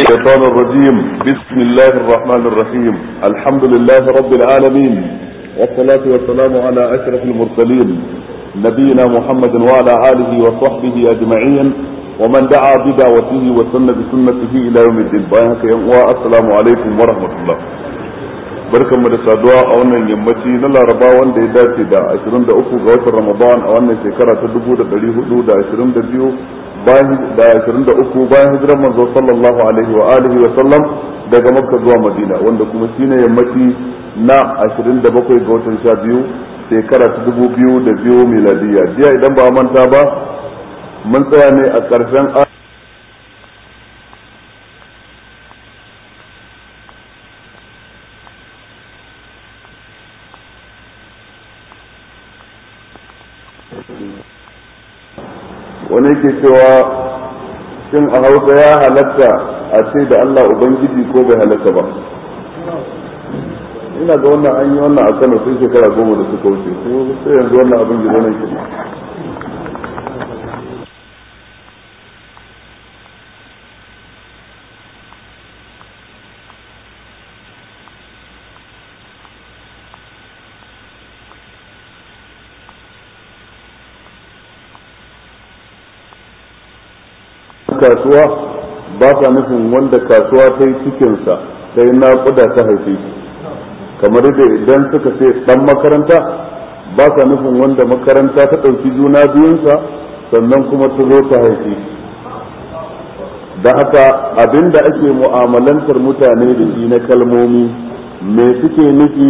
الشيطان الرجيم بسم الله الرحمن الرحيم الحمد لله رب العالمين والصلاة والسلام على أشرف المرسلين نبينا محمد وعلى آله وصحبه أجمعين ومن دعا بدعوته وسن بسنته إلى يوم الدين السلام عليكم ورحمة الله barkanmu da saduwa a wannan yammaci na laraba wanda ya dace da 23 ga watan ramadan a wannan shekara ta 1422 bayan da 23 bayan hijirar manzo sallallahu alaihi wa alihi wa sallam daga makka zuwa madina wanda kuma shine yammaci na 27 ga watan biyu shekara ta 2002 miladiya jiya idan ba manta ba mun tsaya ne a ƙarshen yake cewa shin a hausa ya halatta a ce da Allah Ubangiji ko bai halatta ba ina ga wannan an yi wannan a kano sun shekara goma da suka wuce sai yanzu wannan abin gizo nan kenan kasuwa ba sa nufin wanda kasuwa ta yi cikinsa ta yi naƙuda ta haifi kamar da idan suka ce ɗan makaranta ba sa nufin wanda makaranta ta ɗauki juna biyunsa sannan kuma ta zo ta haifi. da haka abin da ake mu'amalantar mutane da shi na kalmomi me suke nufi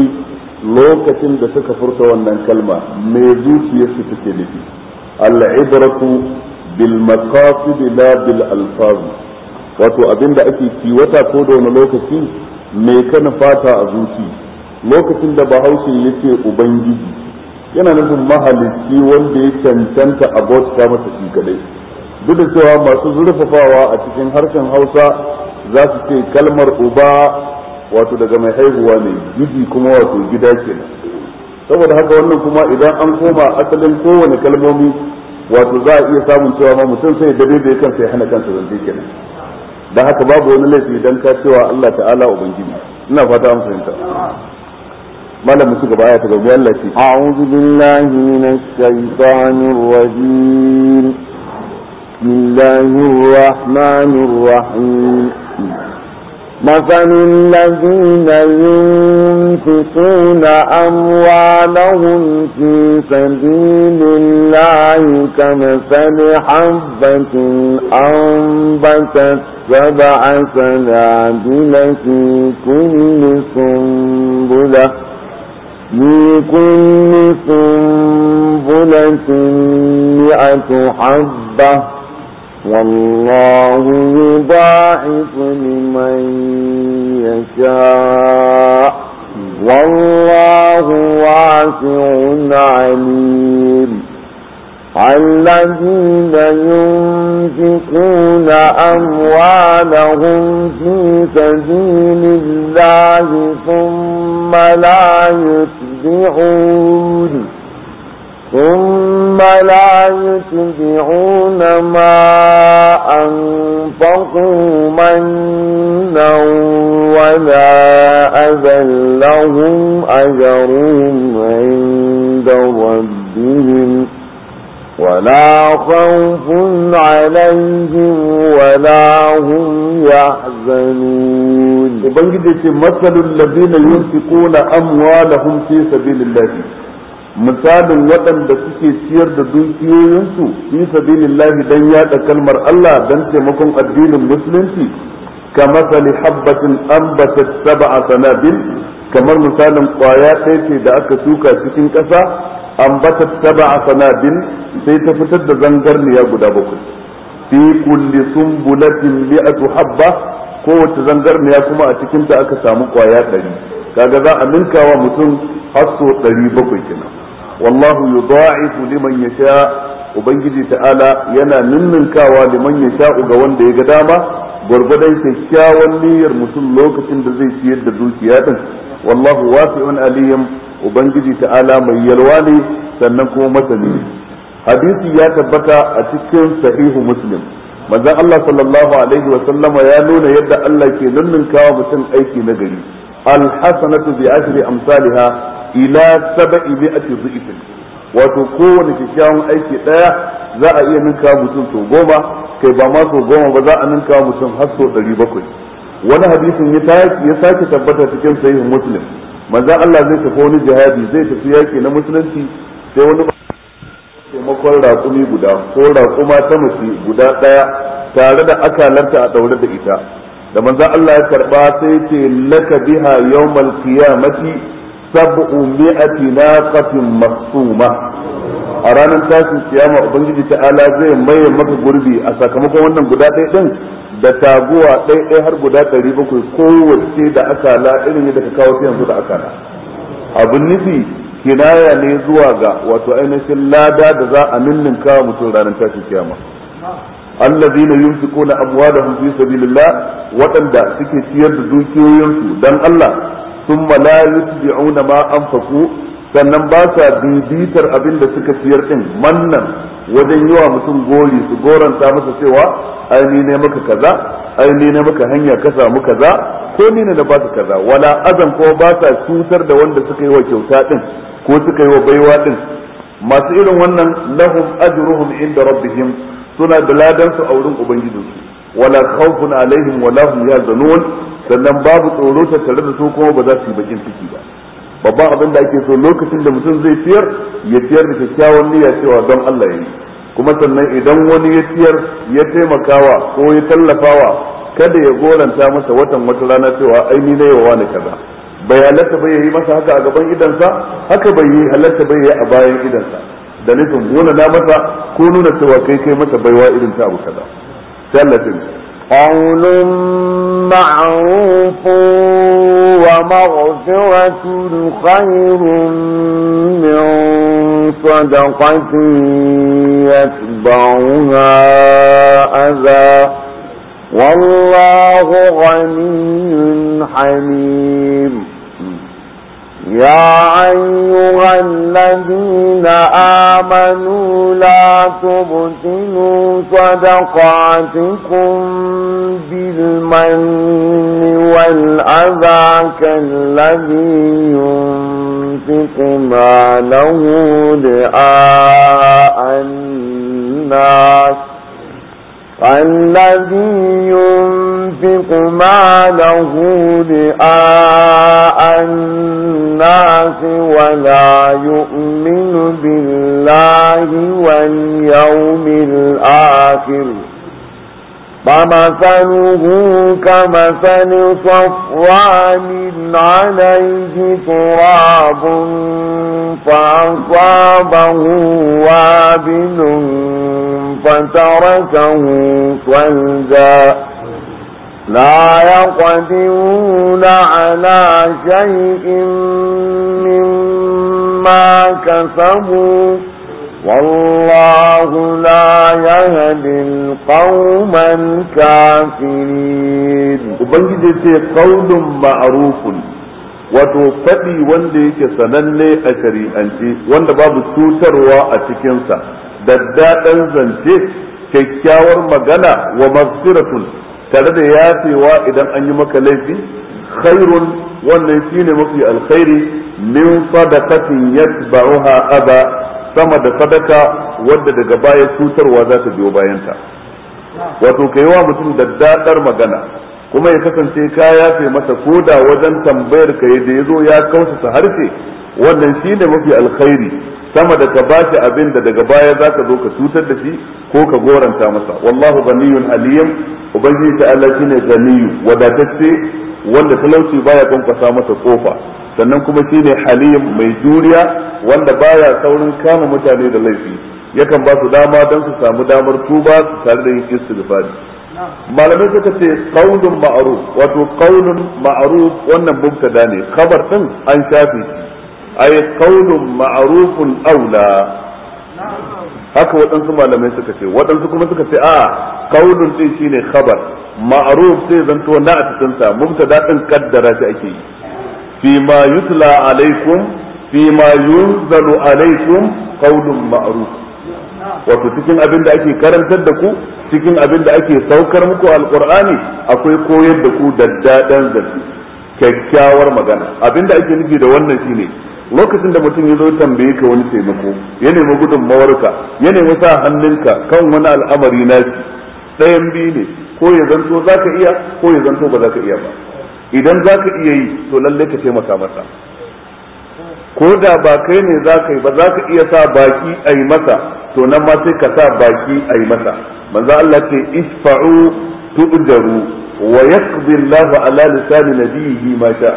lokacin da suka furta wannan kalma me zuciyarsu suke nufi al'ibratu bil maqasid la bil alfaz wato abinda ake kiwata ko da wani lokaci mai kana fata a zuci lokacin da bahaushe yace ubangiji yana nufin mahalicci wanda ya cancanta a bauta masa shi kadai duk da cewa masu zurfafawa a cikin harshen hausa za su ce kalmar uba wato daga mai haihuwa ne gidi kuma wato gida kenan saboda haka wannan kuma idan an koma asalin kowane kalmomi wato za a iya samun cewa ma mutum sai da bai kansa ya hana kansa zance kenan dan haka babu wani laifi dan ka cewa Allah ta'ala ubangiji ina fata an fahimta malamin su gaba ayata gaba Allah ce a'udhu billahi minash shaitanir rajim bismillahir rahmanir rahim مثل الذين ينفقون أموالهم في سبيل الله كمثل حبة أنبتت سبع سنابل في كل سنبلة في كل سنبلة مئة حبة والله يضاعف لمن يشاء والله واسع عليم الذين ينفقون أموالهم في سبيل الله ثم لا يتبعون ثم لا يتبعون ما أنفقوا منا ولا أذى لهم أجرهم عند ربهم ولا خوف عليهم ولا هم يحزنون وبنجد مثل الذين ينفقون أموالهم في سبيل الله misalin waɗanda suke ciyar da dukiyoyinsu fi sabilillahi dan yaɗa kalmar Allah dan taimakon addinin musulunci kamathali habbatin ambatat sab'a sanabil kamar misalin kwaya ɗaya ce da aka shuka cikin ƙasa ambatat sab'a sanabil sai ta fitar da zangarniya guda bakwai fi kulli sumbulatin mi'atu habba kowace zangarniya kuma a cikinta aka samu kwaya ɗari kaga za a wa mutum har so ɗari bakwai kenan wallahu yudha'ifu liman yasha ubangiji ta'ala yana nunninkawa liman yasha ga wanda ya ga dama gwargwadon kyakkyawan niyyar mutum lokacin da zai ciyar da dukiya din wallahu wasi'un aliyam ubangiji ta'ala mai yalwa ne sannan kuma masani hadisi ya tabbata a cikin sahihu muslim manzon Allah sallallahu alaihi wa sallama ya nuna yadda Allah ke nunninkawa mutum aiki na gari alhasanatu bi ashri amsalha ila sab'i mi'ati dhifin wato kowane kyakkyawan aiki ɗaya za a iya ninka mutum sau goma kai ba ma so goma ba za a ninka mutum har so 700 wani hadisin ya sake tabbatar cikin sahihin muslim manzan Allah zai tafi wani jihadi zai tafi yaki na musulunci sai wani taimakon raƙumi guda ko raƙuma ta mace guda ɗaya tare da akalarta a ɗaure da ita da manzo Allah ya karba sai ce laka biha yawmal qiyamati sab'u mi'ati naqatin maqsuma a ranar tashin kiyama ubangiji ta'ala zai maye maka gurbi a sakamakon wannan guda ɗaya din da taguwa ɗaya ɗaya har guda ɗari bakwai kowace da akala irin yadda ka kawo yanzu da akala abin nufi kinaya ne zuwa ga wato ainihin lada da za a ninninka mutum ranar tashin kiyama allazina yunfiquna amwalahum fi sabilillah waɗanda suke ciyar da dukiyoyinsu don Allah sun la yutbi'una ma anfaqu sannan ba sa bibitar abin da suka ciyar din mannan wajen yi wa mutum gori su goranta masa cewa ai ni ne maka kaza ai ni ne maka hanya ka samu kaza ko ni ne na baka kaza wala azan ko ba sa cutar da wanda suka yi wa kyauta din ko suka yi wa baiwa din masu irin wannan lahum ajruhum inda rabbihim suna da ladan su a wurin su wala khawfun alaihim wala hum yahzanun sannan babu tsoro tattare da su kuma ba za su yi bakin ciki ba babban abin da ake so lokacin da mutum zai ciyar ya ciyar da kyakkyawan niyya cewa don Allah ya yi kuma sannan idan wani ya ciyar ya taimakawa ko ya tallafawa kada ya goranta masa watan wata rana cewa ai ni na yawa wani kaza bai halatta bai yi masa haka a gaban idansa haka bai yi halatta bai yi a bayan idansa dalilin wani na masa ko nuna cewa kai kai masa baiwa irin ta abu kaza tallafin qawlun ma'rufun wa maghfiratun khayrun min sadaqatin yatba'uha adha wallahu ghaniyyun hamim يا أيها الذين آمنوا لا تبتلوا صدقاتكم بالمن والأذى كالذي ينفق ماله رئاء الناس الذي ينفق ماله رئاء الناس ولا يؤمن بالله واليوم الآخر فمثله كمثل صفوان عليه تراب فأصابه وابل فتركه صلدا لا يقدرون على شيء مما كسبوا والله لا يهدي القوم الكافرين ubangiji ce qaulun maarufun wato faɗi wanda yake sananne a shari'ance wanda babu cutarwa a cikinsa daddaɗan zance kyakkyawar magana wa maghfiratun tare da yafewa idan an yi maka laifi khairun wannan shine mafi alkhairi min sadaqatin yatba'uha aba sama da sadaka wadda daga baya cutarwa za ta biyo bayanta wato ka yi wa mutum da daɗar magana kuma ya kasance ka fi masa koda wajen tambayar ka da ya zo ya kausasa harfe wannan shine mafi alkhairi sama da ka bashi abin da daga baya za ka zo ka cutar da shi ko ka goranta masa wallahu ganiyun aliyam ubangiji ta Allah shine ganiyu wadatacce wanda talauci baya kwankwasa masa kofa sannan kuma shine halim mai juriya wanda baya saurin kama mutane da laifi yakan ba su dama don su samu damar tuba su tare da yin istighfari malamai suka ce qaulun ma'ruf wato qaulun ma'ruf wannan mubtada ne kabar din an shafe shi ay kaulun ma'rufun aula haka waɗansu malamai suka ce waɗansu kuma suka ce a kaulun din shine khabar ma'ruf sai zanto na a cikin sa mubtada din kaddara shi ake yi fi ma yutla alaikum fi ma yunzalu alaikum qaulun ma'ruf wato cikin abin da ake karantar da ku cikin abin da ake saukar muku alqur'ani akwai koyar da ku daddadan zance kyakkyawar magana abin da ake nufi da wannan shine lokacin da mutum ya zo tambaye ka wani taimako ya nemi gudunmawarka ya nemi sa hannunka kan wani al'amari na shi ɗayan biyu ne ko ya zanto za ka iya ko ya zanto ba za ka iya ba idan za ka iya yi to lallai ka taimaka masa ko da ba kai ne za ka yi ba za ka iya sa baki a yi masa to nan ma sai ka sa baki a yi masa manzo Allah ce isfa'u tu'jaru wa yaqdi Allahu ala lisani nabiyhi ma sha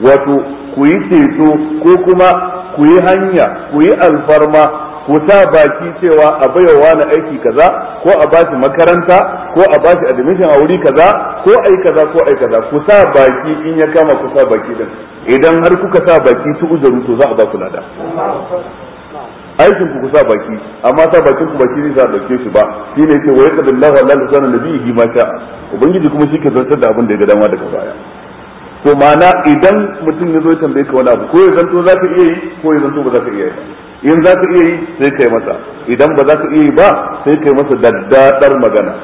wato ku yi ceto ko kuma ku yi hanya ku yi alfarma ku ta baki cewa a baiwa na aiki kaza ko a bashi makaranta ko a bashi admission a wuri kaza ko ai kaza ko ai kaza ku sa baki in ya kama ku sa baki din idan har kuka sa baki su uzuru to za a ba ku lada aikin ku sa baki amma sa bakin ku baki zai sa dauke shi ba shine yake wa yaqadallahu ala sanan nabiyhi ma sha ubangiji kuma shi ke zartar da abin da ya ga dama daga baya to ma'ana idan mutum ya zo ya tambaye ka wani abu ko ya zanto za ka iya yi ko ya zanto ba za ka iya yi in za ka iya yi sai kai masa idan ba za ka iya yi ba sai kai masa daddadar magana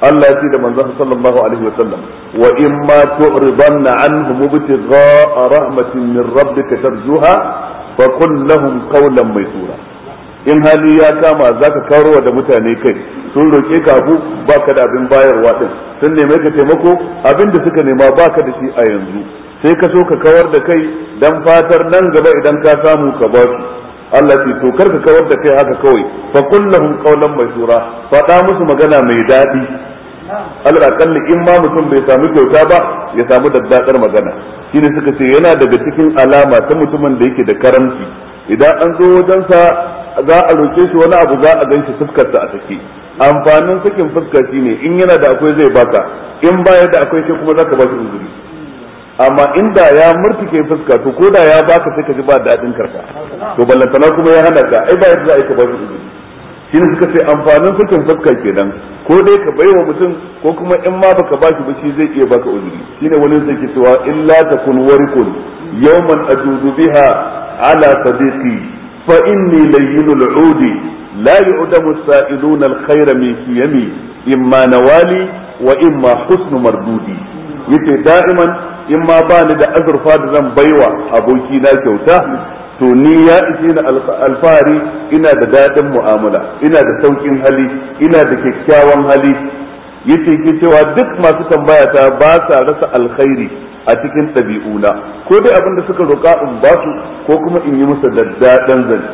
Allah ya ce da manzon sallallahu alaihi wa sallam wa in ma tu'ridanna anhu mubtigha rahmatin min rabbika tarjuha fa qul lahum qawlan maysura in hali ya kama za ka wa da mutane kai sun roƙe ka abu ba ka da abin bayarwa din sun neme ka taimako abin da suka nema ba ka da shi a yanzu sai ka so ka kawar da kai dan fatar nan gaba idan ka samu ka ba su Allah ce to kar ka kawar da kai haka kawai fa kullahum qawlan maysura faɗa musu magana mai daɗi Allah akalli in ma mutum bai samu kyauta ba ya samu daddakar magana shine suka ce yana daga cikin alama ta mutumin da yake da karamci idan an zo wajensa za a roke shi wani abu za a ganshi fuskarsa a take amfanin sakin fuska shine in yana da akwai zai baka in baya da akwai sai kuma zaka ba shi uzuri amma inda ya murtike fuska to ko da ya baka sai ka ji ba daɗin karka to ballantana kuma ya hana ka ai ba yadda za a yi ka uzuri shi uzuri shine suka ce amfanin sakin fuska kenan ko dai ka baiwa mutum ko kuma in ma baka bashi ba shi zai iya baka uzuri shine wani zai ke cewa illa takun warikun yawman ajudu biha ala sadiqi فإني لين العود لا يعدم السائلون الخير من سيمي إما نوالي وإما حسن مردودي yace da'iman in ma ba ni da azurfa da zan baiwa aboki na kyauta to ni ya ishe ni alfahari ina da daɗin mu'amala ina da saukin hali ina da kyakkyawan hali yace ke cewa duk masu tambaya ta ba sa rasa alkhairi a cikin ɗabi'una ko dai abin da suka roƙa in ba su ko kuma in yi musu daddadan zance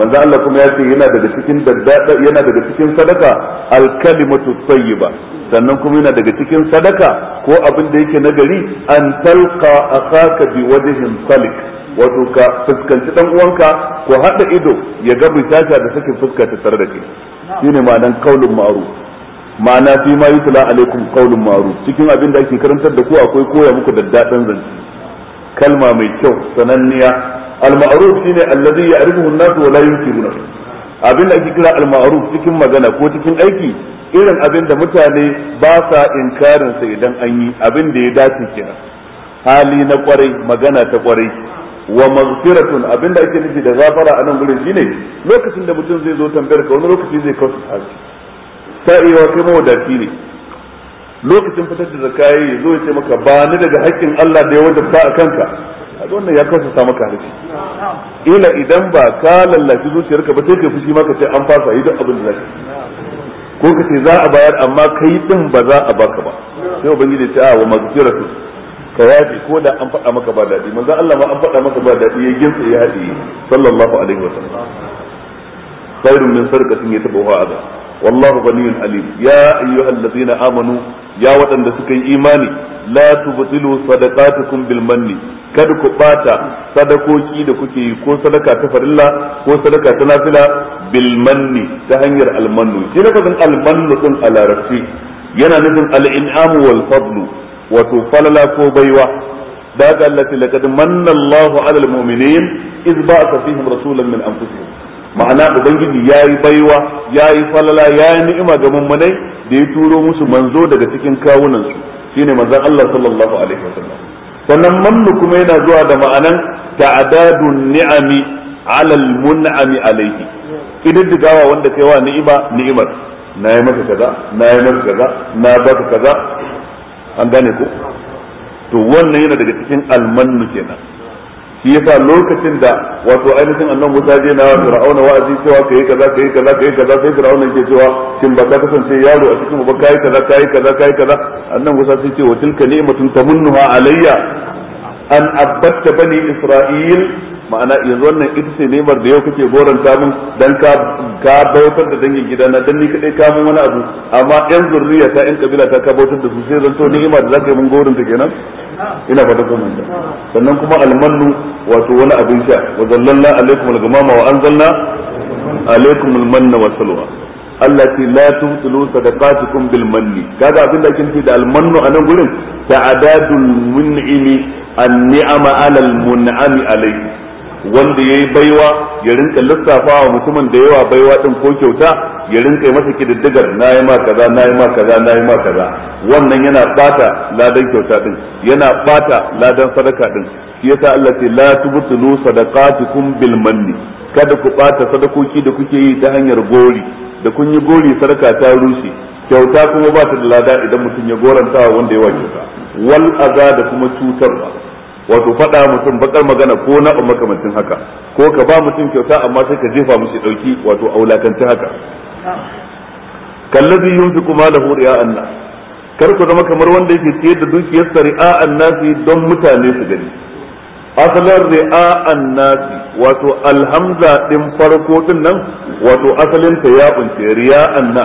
manzo Allah kuma ya ce yana daga cikin daddada yana daga cikin sadaka alkalimatu tayyiba sannan kuma yana daga cikin sadaka ko abin da yake nagari an talqa akaka bi wajhin salik wato ka fuskanci dan uwanka ko hada ido ya ga tata da sakin fuska ta tare da kai shine ma'anan kaulun ma'ruf ma'ana fi ma yutla alaikum qaulun ma'ruf cikin abin da ake karantar da ku akwai koya muku daddadan zance kalma mai kyau sananniya al-ma'ruf shine zai ya'rifuhu an-nas wa la yunkiruna abin da ake kira al-ma'ruf cikin magana ko cikin aiki irin abin da mutane ba sa inkarin sa idan an yi abin da ya dace kenan hali na kwarai magana ta kwarai wa maghfiratun abin da ake nufi da gafara a nan gurin shine lokacin da mutum zai zo tambayar ka wani lokaci zai kawo su sa'iwa kai ma wadaci ne lokacin fitar da zakayi ya zo ya ce maka ba ni daga haƙƙin Allah da ya wajabta a kanka a wannan ya kasa sa maka harshe ila idan ba ka lallaci zuciyarka ba sai kai fushi maka sai an fasa yi duk abin da zaka ko ka ce za a bayar amma kai din ba za a baka ba sai ubangiji ya ce a wa mazkiratu ka yafi ko da an faɗa maka ba daɗi manzo Allah ma an faɗa maka ba daɗi ya gintsa ya haɗi sallallahu alaihi wasallam khairun min sarqatin yatabawa adha wallahu ganiyun alim ya ayyuhallazina amanu ya waɗanda suka yi imani la tubtilu sadakatukun bil kada ku bata sadakoki da kuke yi ko sadaka ta farilla ko sadaka ta nafila bil manni ta hanyar al manni shi lafazin al manni din a larabci yana nufin al in'amu wal fadlu wato falala ko baiwa da ga Allah laqad manna Allahu alal mu'minin iz ba'atha fihim rasulan min anfusihim ma'ana ubangiji ya yi baiwa ya yi falala ya yi ni'ima ga mummunai da ya turo musu manzo daga cikin kawunansu shine manzon Allah sallallahu alaihi wasallam sannan mannu kuma yana zuwa da ma'anan ta'adadun ni'ami alal mun'ami alaihi kididdigawa wanda kai wa ni'ima ni'imar na yi maka kaza na yi maka kaza na baka kaza an gane ko to wannan yana daga cikin almannu kenan shi yasa lokacin da wato ainihin annan Musa je na Fir'auna wa'azi cewa ka yi kaza ka yi kaza ka yi kaza sai Fir'auna ke cewa shin ba ka kasance yaro a cikin ba kai kaza kai kaza kai kaza annan Musa sai ce wa tilka ni'matun tamunnuha alayya an abatta bani Isra'il ma'ana yanzu wannan ita ce nemar da yau kake goranta min dan ka ka bautar da dangin gidana dan ni kadai ka mun wani abu amma yan zurriya ta yan kabila ta ka bautar da su sai zanto ni'ima da zaka yi mun gorin ta kenan ina fata kuma da sannan kuma almannu wato wani abin sha wa zallanna alaikum al-ghamama wa anzalna alaikum al-manna wa salwa Allah ce la tubtilu sadaqatukum bil manni kaga abin da kin ce da almannu a nan gurin ta'adadul mun'imi an-ni'ama 'ala al-mun'ami alayhi wanda ya yi baiwa ya rinka lissafa wa mutumin da yawa baiwa din ko kyauta ya rinka masa kididdigar nayi ma kaza nayi ma kaza nayi ma kaza wannan yana bata ladan kyauta din yana bata ladan sadaka din shi yasa Allah ce la tubtulu sadaqatukum bil manni kada ku bata sadakoki da kuke yi ta hanyar gori da kun yi gori sadaka ta rushe kyauta kuma ba ta da lada idan mutum ya goranta wanda yawa kyauta wal aza da kuma cutarwa wato faɗa mutum bakar magana ko na makamancin haka ko ka ba mutum kyauta amma sai ka jefa musu ɗauki wato a aulakanci haka kallazi da malahu ri'a annas kar ku zama kamar wanda yake sayar da dukiyar ri'a annasi don mutane su gani asalin ri'a annasi wato alhamza din farko din nan wato asalin ta ya bunce ri'a anna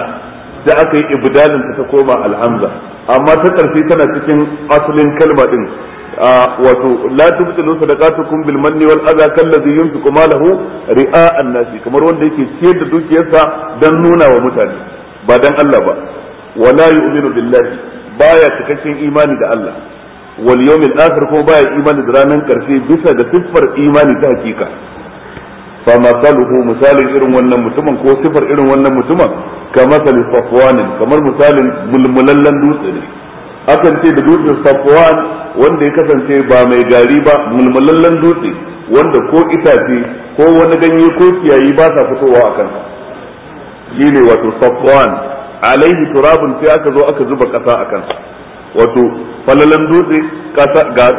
da aka yi ibdalin ta koma alhamza amma ta karfi tana cikin asalin kalma din wato la tubtilu sadaqatukum bil manni wal adha kallazi yunfiqu malahu ri'a an-nasi kamar wanda yake siyar da dukiyarsa dan nuna wa mutane ba dan Allah ba wala yu'minu billahi baya cikakken imani da Allah wal yawmil akhir ko baya imani da ranan karshe bisa da siffar imani ta hakika fa masaluhu misalin irin wannan mutumin ko siffar irin wannan mutumin kamar safwanin kamar misalin mulmulallan dutse akan ce da dutsen safwan wanda ya kasance ba mai gari ba mulmulallen dutse wanda ko itace ko wani ganye ko kiyayi ba sa fitowa a kansa ne wato safwan alaihi turabun sai aka zo aka zuba kasa a kansa wato falalan dutse ga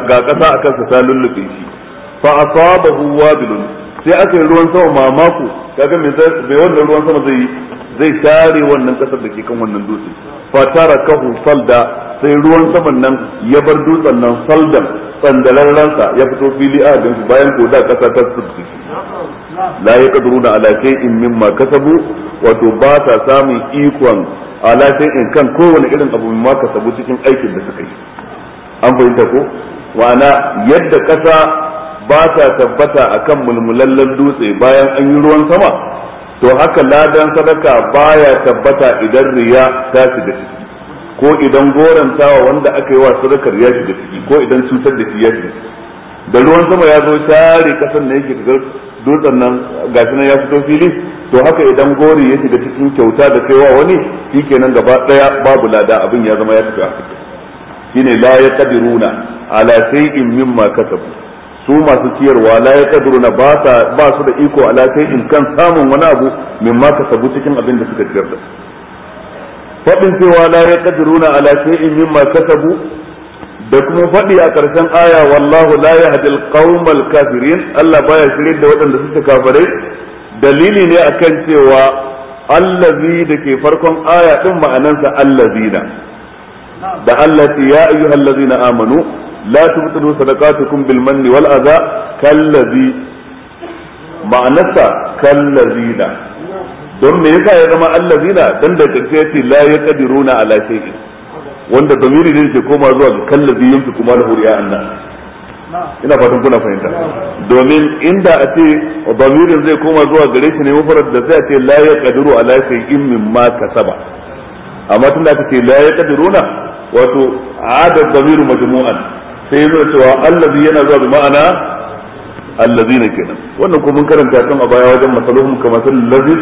kasa a kansa ta lullufe shi fa asabahu wabilun sai aka yi ruwan sama mamaku kaga me wannan ruwan sama zai yi zai tare wannan kasar da ke kan wannan dutse fatara kahu salda sai ruwan saman nan ya bar dutsen nan saldan ransa ya fito fili a gansu bayan ko da kasa ta tsubci la yaqdiruna ala shay'in mimma kasabu wato ba ta samun ikon ala in kan kowane irin abu mimma kasabu cikin aikin da suka yi an fahimta ko wana yadda kasa ba ta tabbata akan mulmulallen dutse bayan an yi ruwan sama to haka ladan sadaka baya tabbata idan riya ta shiga ciki ko idan gorantawa wanda aka yi wa sadakar ya shiga ciki ko idan cutar da shi ya shiga ciki da ruwan sama ya zo tare kasan da yake kagar dutsen nan gashi nan ya fito fili to haka idan gori ya shiga cikin kyauta da kaiwa wani shikenan gaba daya babu lada abin ya zama ya tafi shine la yaqdiruna ala shay'in mimma kasabu su masu ciyarwa la ya na ba sa ba su da iko ala kai in kan samun wani abu mimma kasabu cikin abin da suka ciyar da fadin cewa la ya kaduruna ala kai in mimma kasabu da kuma faɗi a ƙarshen aya wallahu la yahdil qaumal kafirin Allah baya shirye da waɗanda suka kafare dalili ne akan cewa allazi da ke farkon aya din ma'anansa allazina da Allah ya ayyuhallazina amanu لا tubtilu صدقاتكم بالمن manni كالذي adha kallazi ma'anarsa kallazina don me yasa ya zama allazina dan da kace yace la yaqdiruna ala shay'in wanda damiri ne ke koma zuwa ga kallazi yunfi kuma ina fatan kuna fahimta domin inda a ce bamirin zai koma zuwa gare shi ne mafarar da zai ce la ma ka saba. amma ce la wato sai yana cewa allazi yana zuwa bi ma'ana allazina kenan wannan ko mun karanta tun a baya wajen masaluhum kama sallazi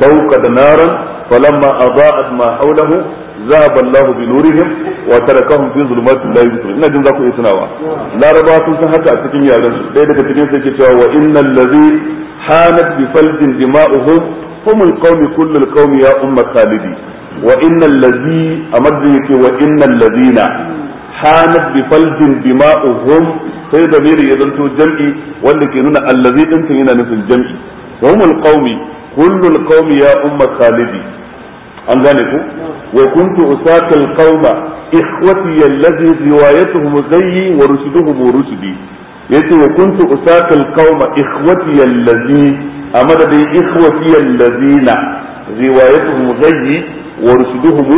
fawqa naran falamma adaa'at ma hawlahu ذهب الله بنورهم وتركهم في ظلمات لا يبصرون ina jin za ku yi tunawa laraba sun san haka a cikin yaran su dai daga cikin sai ke cewa wa innal ladhi hanat bi faljin dima'uhum hum al qawmi kullu al qawmi ya umma khalidi wa innal ladhi amadri yake wa innal ladina hanat bi faldin dima'uhum sai da zamiri ya zanto jam'i wanda ke nuna allazi din tun yana nufin jam'i wa humul qaumi kullul qaumi ya umma khalidi an gane ku wa kuntu usatil qauma ikhwati allazi riwayatuhum zayyi wa rusuduhum rusudi yace wa kuntu usatil qauma ikhwati allazi a bi ikhwati allazina riwayatuhum zayyi wa rusuduhum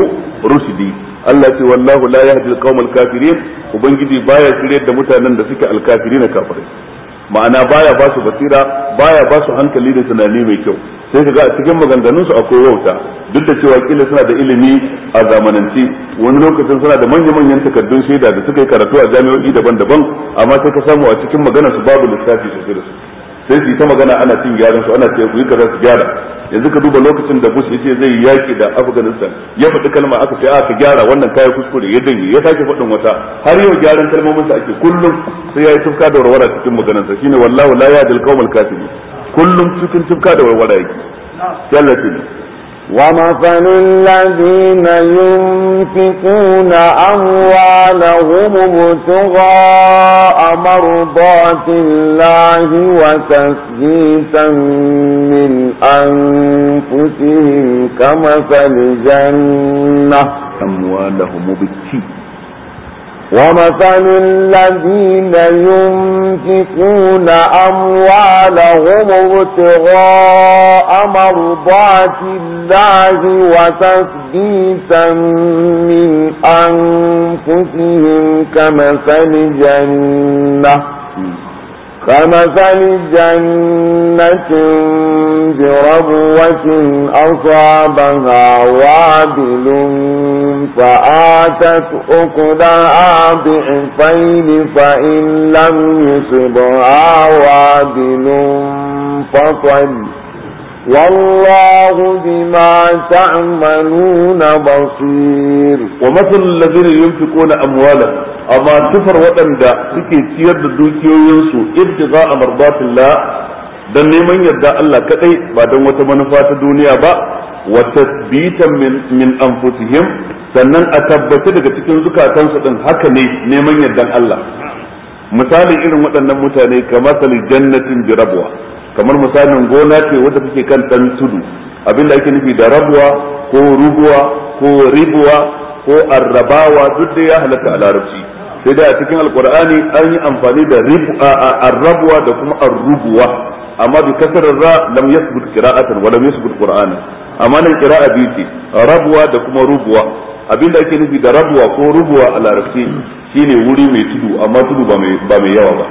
rusudi Allah ce wallahu la yahdi al kafirin ubangiji baya shirye da mutanen da suke al-kafirin kafirai ma'ana baya ba su basira baya ba su hankali da tunani mai kyau sai ka ga a cikin su akwai wauta duk da cewa kila suna da ilimi a zamanance wani lokacin suna da manya-manyan takardun shaida da suka yi karatu a jami'o'i daban-daban amma sai ka samu a cikin su babu lissafi sosai da su sai su yi ta magana ana cin gyaran su ana cewa ku yi kaza su gyara yanzu ka duba lokacin da Bush yace zai yi yaki da Afghanistan ya faɗi kalma aka ce aka ah, gyara wannan kayan kuskure ya danyi ya sake faɗin wata har yau gyaran kalmomin sa ake kullum sai yayi tufka da warwara cikin maganar sa shine wallahu la dal qawmal kafirin kullum cikin tufka da warwara yake ومثل الذين ينفقون أموالهم ابتغاء مرضات الله وتثبيتا من أنفسهم كمثل جنة أموالهم بالشيء ومثل الذين ينفقون أموالهم ابتغاء مرضات الله وتثبيتا من أنفسهم كمثل جنة كمثل جنة بربوة أصابها وابل فآتت أكلها ضعفين فإن لم يصبها وابل فصل والله بما تعملون بصير ومثل الذين ينفقون أموالهم أما waɗanda وأن دا سكي dukiyoyinsu دوكيو ينسو ابتغاء مرضات الله dan neman yarda Allah kadai ba don wata manufa ta duniya ba wa tasbitan min min anfusihim sannan a tabbata daga cikin zukatansu din haka ne neman yardan Allah misalin irin waɗannan mutane kamar jannatin jirabwa kamar misalin gona ce wadda take kan dan tudu abinda ake nufi da rabuwa ko rubuwa ko ribuwa ko arrabawa duk da ya halatta a larabci sai dai a cikin alkur'ani an yi amfani da arrabuwa da kuma arrubuwa amma bi kasarar ra lam yasbut qira'atan wa lam yasbut qur'ana amma nan qira'a biyu ce rabuwa da kuma rubuwa abinda ake nufi da rabuwa ko rubuwa a larabci shine wuri mai tudu amma tudu ba mai yawa ba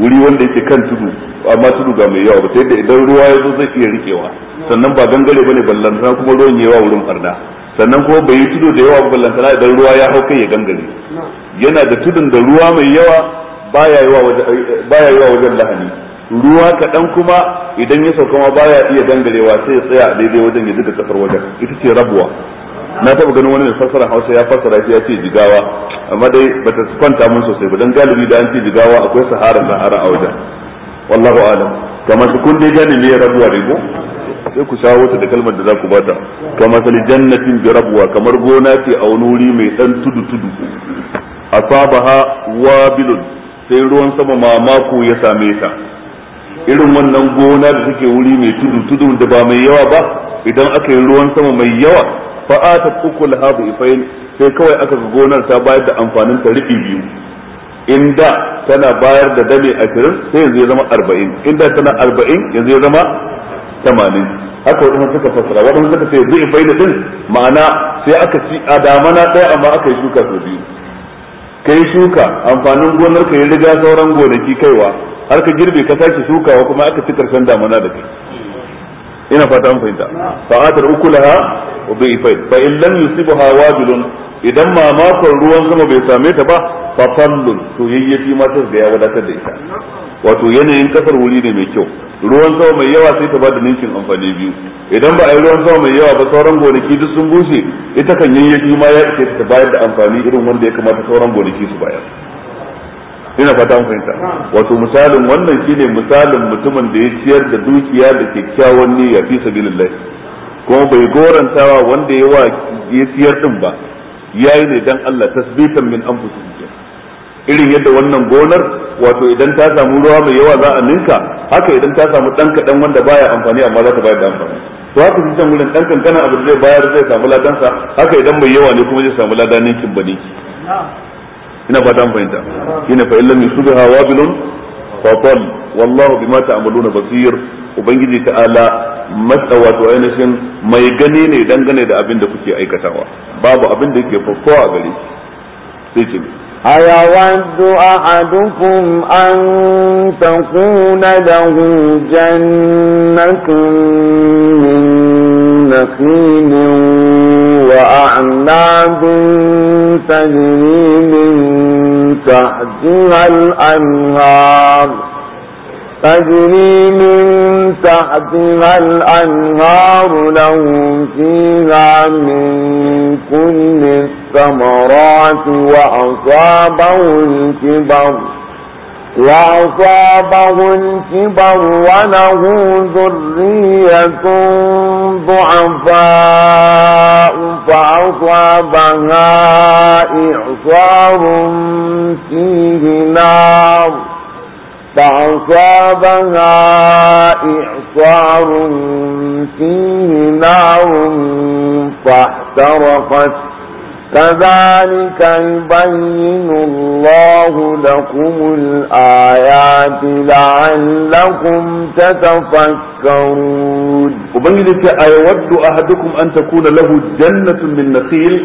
wuri wanda yake kan tudu amma tudu ga mai yawa ba sai da idan ruwa ya zo zai iya rikewa sannan ba gangare bane ballantana kuma ruwan yawa wurin barna sannan kuma bai yi tudu da yawa ba ballantana idan ruwa ya hau kai ya gangare yana da tudun da ruwa mai yawa baya yawa wajen lahani ruwa kaɗan kuma idan ya sauka ma baya iya gangarewa sai ya tsaya a daidai wajen ya duka kasar wajen ita ce rabuwa na taba ganin wani mai fassara hausa ya fassara shi ya ce jigawa amma dai ba ta kwanta mun sosai ba dan galibi da an ce jigawa akwai sahara sahara a wajen wallahu alam kamar su kun dai gane ne rabuwa ne ko sai ku shawo ta da kalmar da za ku bata kamar sali jannatin bi rabuwa kamar gona ce a wani wuri mai dan tudu tudu asabaha wabilun sai ruwan sama mamako ya same ta irin wannan gona da take wuri mai tudu tudu da ba mai yawa ba idan aka yi ruwan sama mai yawa fa atat ukul habu ifain sai kawai aka ga gonar ta bayar da amfanin ta riɓi biyu inda tana bayar da dame ashirin sai yanzu ya zama arba'in inda tana arba'in yanzu ya zama tamanin haka wadanda suka fassara wadanda suka ce bi bai din ma'ana sai aka ci a damana ɗaya amma aka yi shuka sau biyu kai shuka amfanin gonar ka ya riga sauran gonaki kaiwa har ka girbe ka sake shukawa kuma aka ci karshen damana da kai ina fata an fahimta fa'atar ukulaha wa bi'fain fa in lam yusibha wabilun idan ma makon ruwan sama bai same ta ba fa fallun to yayyafi matar da ya wadatar da ita wato yanayin kasar wuri ne mai kyau ruwan sama mai yawa sai ta bada ninkin amfani biyu idan ba a yi ruwan sama mai yawa ba sauran gonaki duk sun bushe ita kan yayyafi ma ya ta bayar da amfani irin wanda ya kamata sauran gonaki su bayar ina fata mun fahimta wato misalin wannan shine misalin mutumin da ya ciyar da dukiya da kyakkyawan niyya fi sabilillah kuma bai gorantawa wanda ya wa ya ciyar din ba yayi ne dan Allah tasbitan min anfusihi irin yadda wannan gonar wato idan ta samu ruwa mai yawa za a ninka haka idan ta samu dan kadan wanda baya amfani amma za ta bayar da amfani to haka shi can gurin dan kankana abu zai bayar zai samu ladansa haka idan mai yawa ne kuma zai samu ladan ninkin ba ninki ina ba dan fahimta shine fa illam yusbiha wabilun fa tal wallahu bima ta'maluna basir ubangiji ta'ala matsa wato ainihin mai gani ne dangane da abin da kuke aikatawa babu abin da yake a gare sai ce أيود أحدكم أن تكون له جنة من نخيل وأعناب تجري من تحتها الأنهار تجري من تحتها الأنهار لهم فيها من كل الثمرات وأصابه الكبر وأصابه الكبر وله ذرية ضعفاء فأصابها إعصار فيه نار فأصابها إعصار فيه نار فاحترقت كذلك يبين الله لكم الآيات لعلكم تتفكرون وبنجد أيود أحدكم أن تكون له جنة من نخيل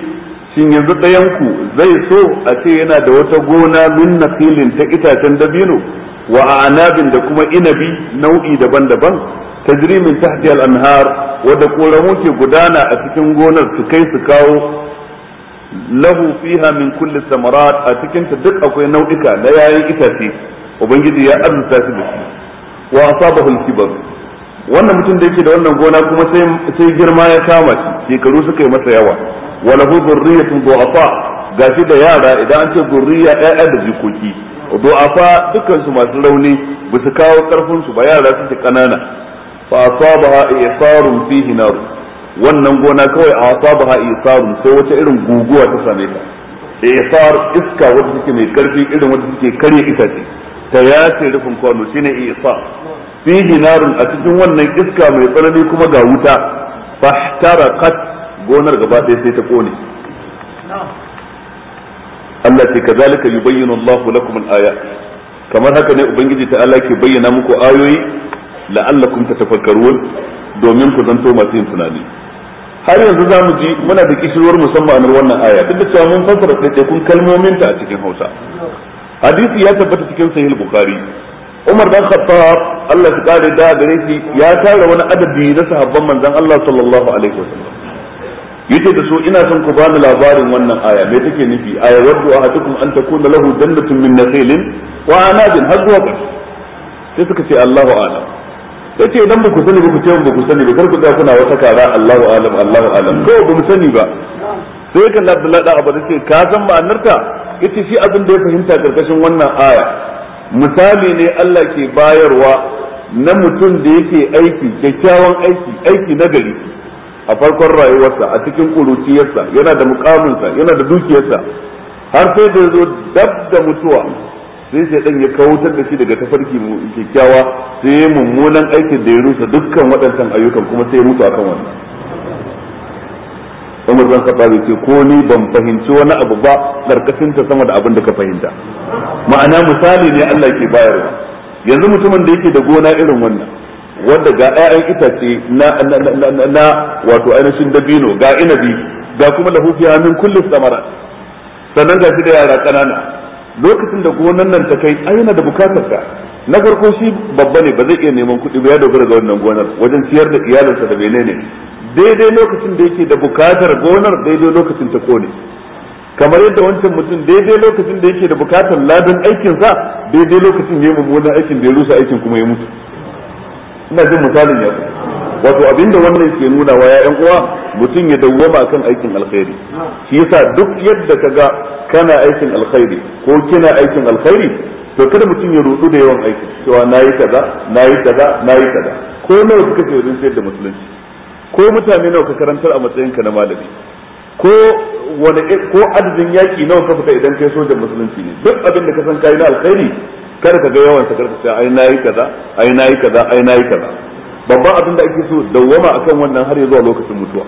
shin yanzu ɗayanku zai so a ce yana da wata gona min nakhilin ta itacen dabino wa anabin da kuma inabi nau'i daban-daban ta min tahti al-anhar wadda koramu ke gudana a cikin gonar su kai su kawo lahu fiha min kulli samarat a cikin ta duk akwai nau'ika na yayin itace ubangiji ya arzuta shi da shi wa asabahu al-kibar wannan mutum da yake da wannan gona kuma sai sai girma ya kama shi shekaru suka yi masa yawa wa lahu dhurriyyatun du'afa gashi da yara idan an ce dhurriyya ya'ya da jikoki du'afa dukkan su masu rauni ba kawo karfin su ba yara suke kanana fa asabaha i'sarun fihi nar wannan gona kawai a asabaha isarun sai wata irin guguwa ta same ta isar iska wata take mai karfi irin wata take karya itace ta ya ce rufin kwano shi shine isar fi narun a cikin wannan iska mai tsanani kuma ga wuta kat gonar gaba ɗaya sai ta kone Allah ce kazalika bayyana Allah lakum al aya. kamar haka ne ubangiji ta Allah ke bayyana muku ayoyi la'allakum tatafakkarun domin ku zanto masu yin tunani har yanzu za mu ji muna da kishirwar musamman wannan aya duk da cewa mun fassara ɗaiɗaikun kalmominta a cikin hausa hadisi ya tabbata cikin sahih bukhari umar dan khattab Allah ya kare da gare shi ya tara wani adadi na sahabban manzon Allah sallallahu alaihi wasallam yace da su ina son ku bani labarin wannan aya me take nufi aya waddu ahadukum an takuna lahu jannatun min nakhilin wa anabin har zuwa sai suka ce Allahu a'lam yace idan ba ku sani ba ku ce ba ku sani ba kar ku tsaya kuna wata kara Allahu alam Allahu alam ko ba mu sani ba sai kan Abdullahi da Abu ce ka san ma'anarta yace shi abin da ya fahimta karkashin wannan aya misali ne Allah ke bayarwa na mutum da yake aiki kyakkyawan aiki aiki na gari a farkon rayuwarsa a cikin kuruciyarsa yana da mukaminsa yana da dukiyarsa har sai da zo dab da mutuwa sai sai dan ya kawutar da shi daga tafarki kyakkyawa sai ya mummunan aikin da ya rusa dukkan waɗancan ayyukan kuma sai ya mutu akan wannan Umar bin Khattab ce ko ni ban fahimci wani abu ba karkashin ta sama da abin da ka fahimta ma'ana misali ne Allah ke bayarwa yanzu mutumin da yake da gona irin wannan wanda ga 'ya'yan itace na na wato ainihin dabino ga inabi ga kuma lahufiya min kullu samara sannan ga shi da yara kanana lokacin da gonan nan ta kai aina da bukatar ta na farko shi babba ne ba zai iya neman kuɗi ba ya dogara ga wannan gonar wajen ciyar da iyalinsa da ne. daidai lokacin da yake da bukatar gonar daidai lokacin ta kone kamar yadda wancan mutum daidai lokacin da yake da bukatar ladan aikinsa daidai lokacin ya yi mummunan aikin da ya rusa aikin kuma ya mutu ina jin misalin ya wato abinda wannan ke nuna wa ya'yan uwa mutum ya dawwama kan aikin alkhairi shi yasa duk yadda kaga kana aikin alkhairi ko kina aikin alkhairi to kada mutum ya rudu da yawan aiki cewa nayi kaza nayi kaza nayi kaza ko nawa kuka ce wajen sayar da musulunci ko mutane nawa ka karantar a matsayin ka na malami ko wani ko adadin yaki nawa ka fita idan kai sojan musulunci ne duk abin da ka san kai na alkhairi kada ka ga yawan sa karka sai ai nayi kaza ai nayi kaza ai nayi kaza babban abin da ake so dawwama akan wannan har zuwa lokacin mutuwa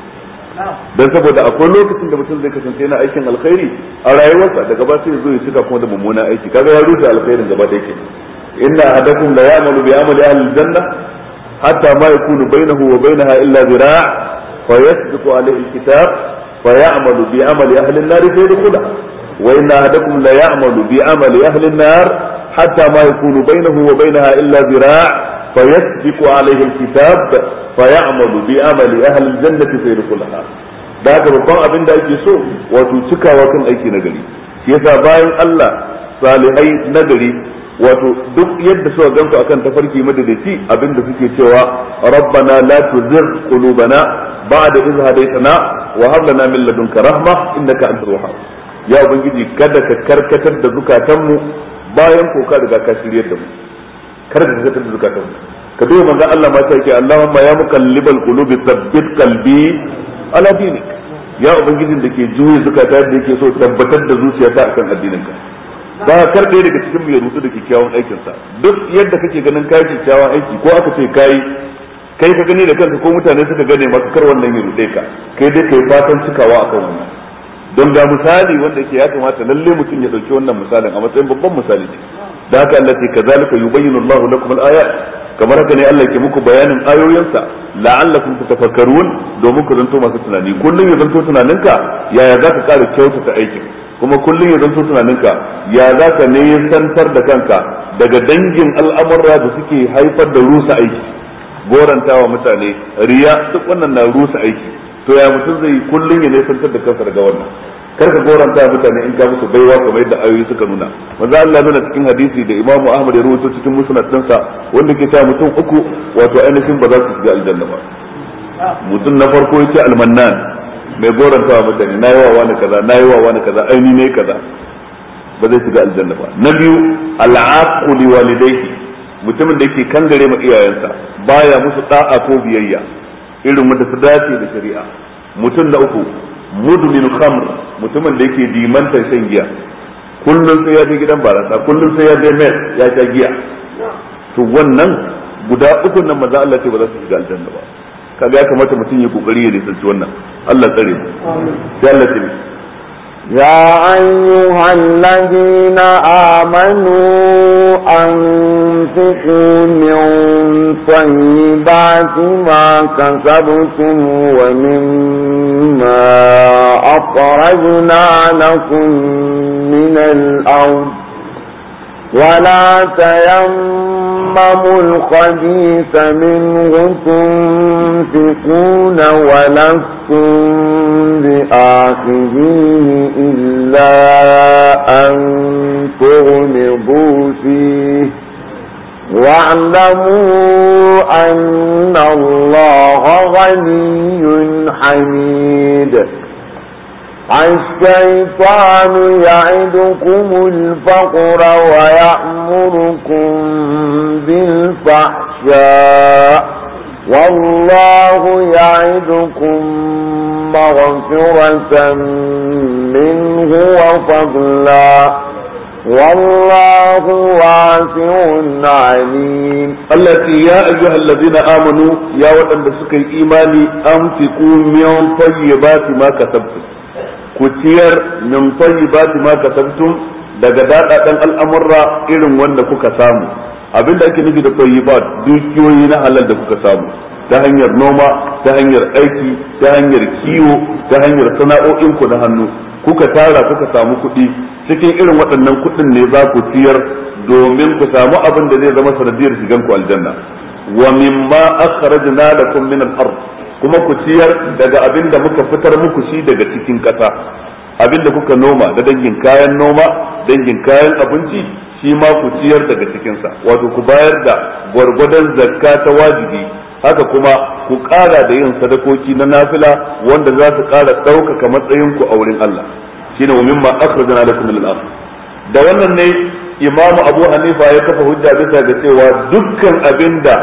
dan saboda akwai lokacin da mutum zai kasance yana aikin alkhairi a rayuwarsa daga ba sai zai shiga kuma da mummuna aiki kaga ya rufe alkhairin gaba da yake inna hadakum la ya'malu bi amali ahli janna hatta ma yakunu bainahu wa bainaha illa zira' fa yasbiqu alayhi alkitab fa ya'malu bi amali ahli an-nar fa yadkhula wa inna hadakum la ya'malu bi amali ahli an-nar hatta ma yakunu bainahu wa bainaha illa zira' فيسبق عليه الكتاب فيعمل amali أهل الجنة فيدخلها da haka babban abin da ake so wato cikawa kan aiki nagari gari shi bayan Allah salihai na wato duk yadda suka gansu akan tafarki madadaci abin da suke cewa rabbana la tuzigh qulubana ba'da idh hadaytana wa hab lana min ladunka rahma innaka antar wahhab ya ubangiji kada ka karkatar da zukatanmu bayan kuka riga ka shiryar da mu kar ka da zukatan ka duba manzan Allah ma ta yake Allahumma ya muqallibal qulubi tsabbit qalbi ala dinik ya ubangijin da ke juye zukata da yake so tabbatar da zuciya ta akan addinin ka ba kar ɗaya daga cikin mai rutu da kyakkyawan aikinsa duk yadda kake ganin kayi kyakkyawan aiki ko aka ce kayi kai ka gani da kanka ko mutane suka gane maka kar wannan ya rude ka kai dai kai fatan cikawa akan wannan don ga misali wanda yake ya kamata lalle mutum ya dauki wannan misalin a matsayin babban misali ne da haka Allah ce kazalika yubayyinu Allahu lakum al-ayat kamar haka ne Allah ke muku bayanin ayoyinsa la'allakum tatafakkarun domin ku zanto masu tunani kullum ya zanto tunaninka yaya zaka ƙara kyautata aikin kuma kullum ya zanto tunaninka ya zaka ne ya santar da kanka daga dangin al'amurra da suke haifar da rusa aiki gorantawa mutane riya duk wannan na rusa aiki to ya mutum zai kullun ya nisantar da kansa daga wannan kar ka goranta mutane in ka musu baiwa kamar yadda ayoyi suka nuna manzo Allah nuna cikin hadisi da Imam Ahmad ya rawaito cikin musnad dinsa wanda ke cewa mutum uku wato ainihin ba za su shiga aljanna ba mutum na farko yace almannan mai goranta mutane nayi wa wani kaza nayi wa wani kaza aini ne kaza ba zai shiga aljanna ba na biyu al'aqu li walidayhi mutumin da yake kangare ma iyayensa baya musu da'a ko biyayya irin wanda su dace da shari'a mutum na uku mudmin khamr mutumin da yake dimanta shan giya kullum sai ya je gidan barasa kullum sai ya je mai ya sha giya to wannan guda uku nan maza Allah ce ba za su shiga aljanna ba kaga ya kamata mutum ya kokari ya lissanci wannan Allah tsare mu sai Allah يا أيها الذين آمنوا أنفقوا من طيبات ما كسبتم ومما أخرجنا لكم من الأرض ولا تيمموا الخبيث منه تنفقون ولستم بآخذيه إلا أن تغمضوا فيه واعلموا أن الله غني حميد الشيطان يعدكم الفقر ويأمركم بالفحشاء والله يعدكم مغفرة منه وفضلا والله واسع عليم التي يا أيها الذين آمنوا يا وأن بسكي إيماني أنفقوا من طيبات ما كتبتم ku ciyar min tayyibati ma kasabtum daga daɗaɗan al'amurra irin wanda kuka samu abinda ake nufi da tayyibat dukiyoyi na halal da kuka samu ta hanyar noma ta hanyar aiki ta hanyar kiwo ta hanyar sana'o'in ku na hannu kuka tara kuka samu kuɗi cikin irin waɗannan kuɗin ne za ku ciyar domin ku samu abin da zai zama sanadiyar shigan ku aljanna wa mimma akhrajna lakum min al-ard kuma ku ciyar daga abin da muka fitar muku shi daga cikin ƙasa abin da kuka noma da dangin kayan noma dangin kayan abinci shi ma ku ciyar daga cikinsa wato ku bayar da gwargwadon zakka ta wajibi haka kuma ku ƙara da yin sadakoki na nafila wanda za su ƙara ɗaukaka matsayinku a wurin Allah shine mu mimma akhrajna lakum min al-ardh da wannan ne Imam Abu Hanifa ya kafa hujja bisa ga cewa dukkan abin da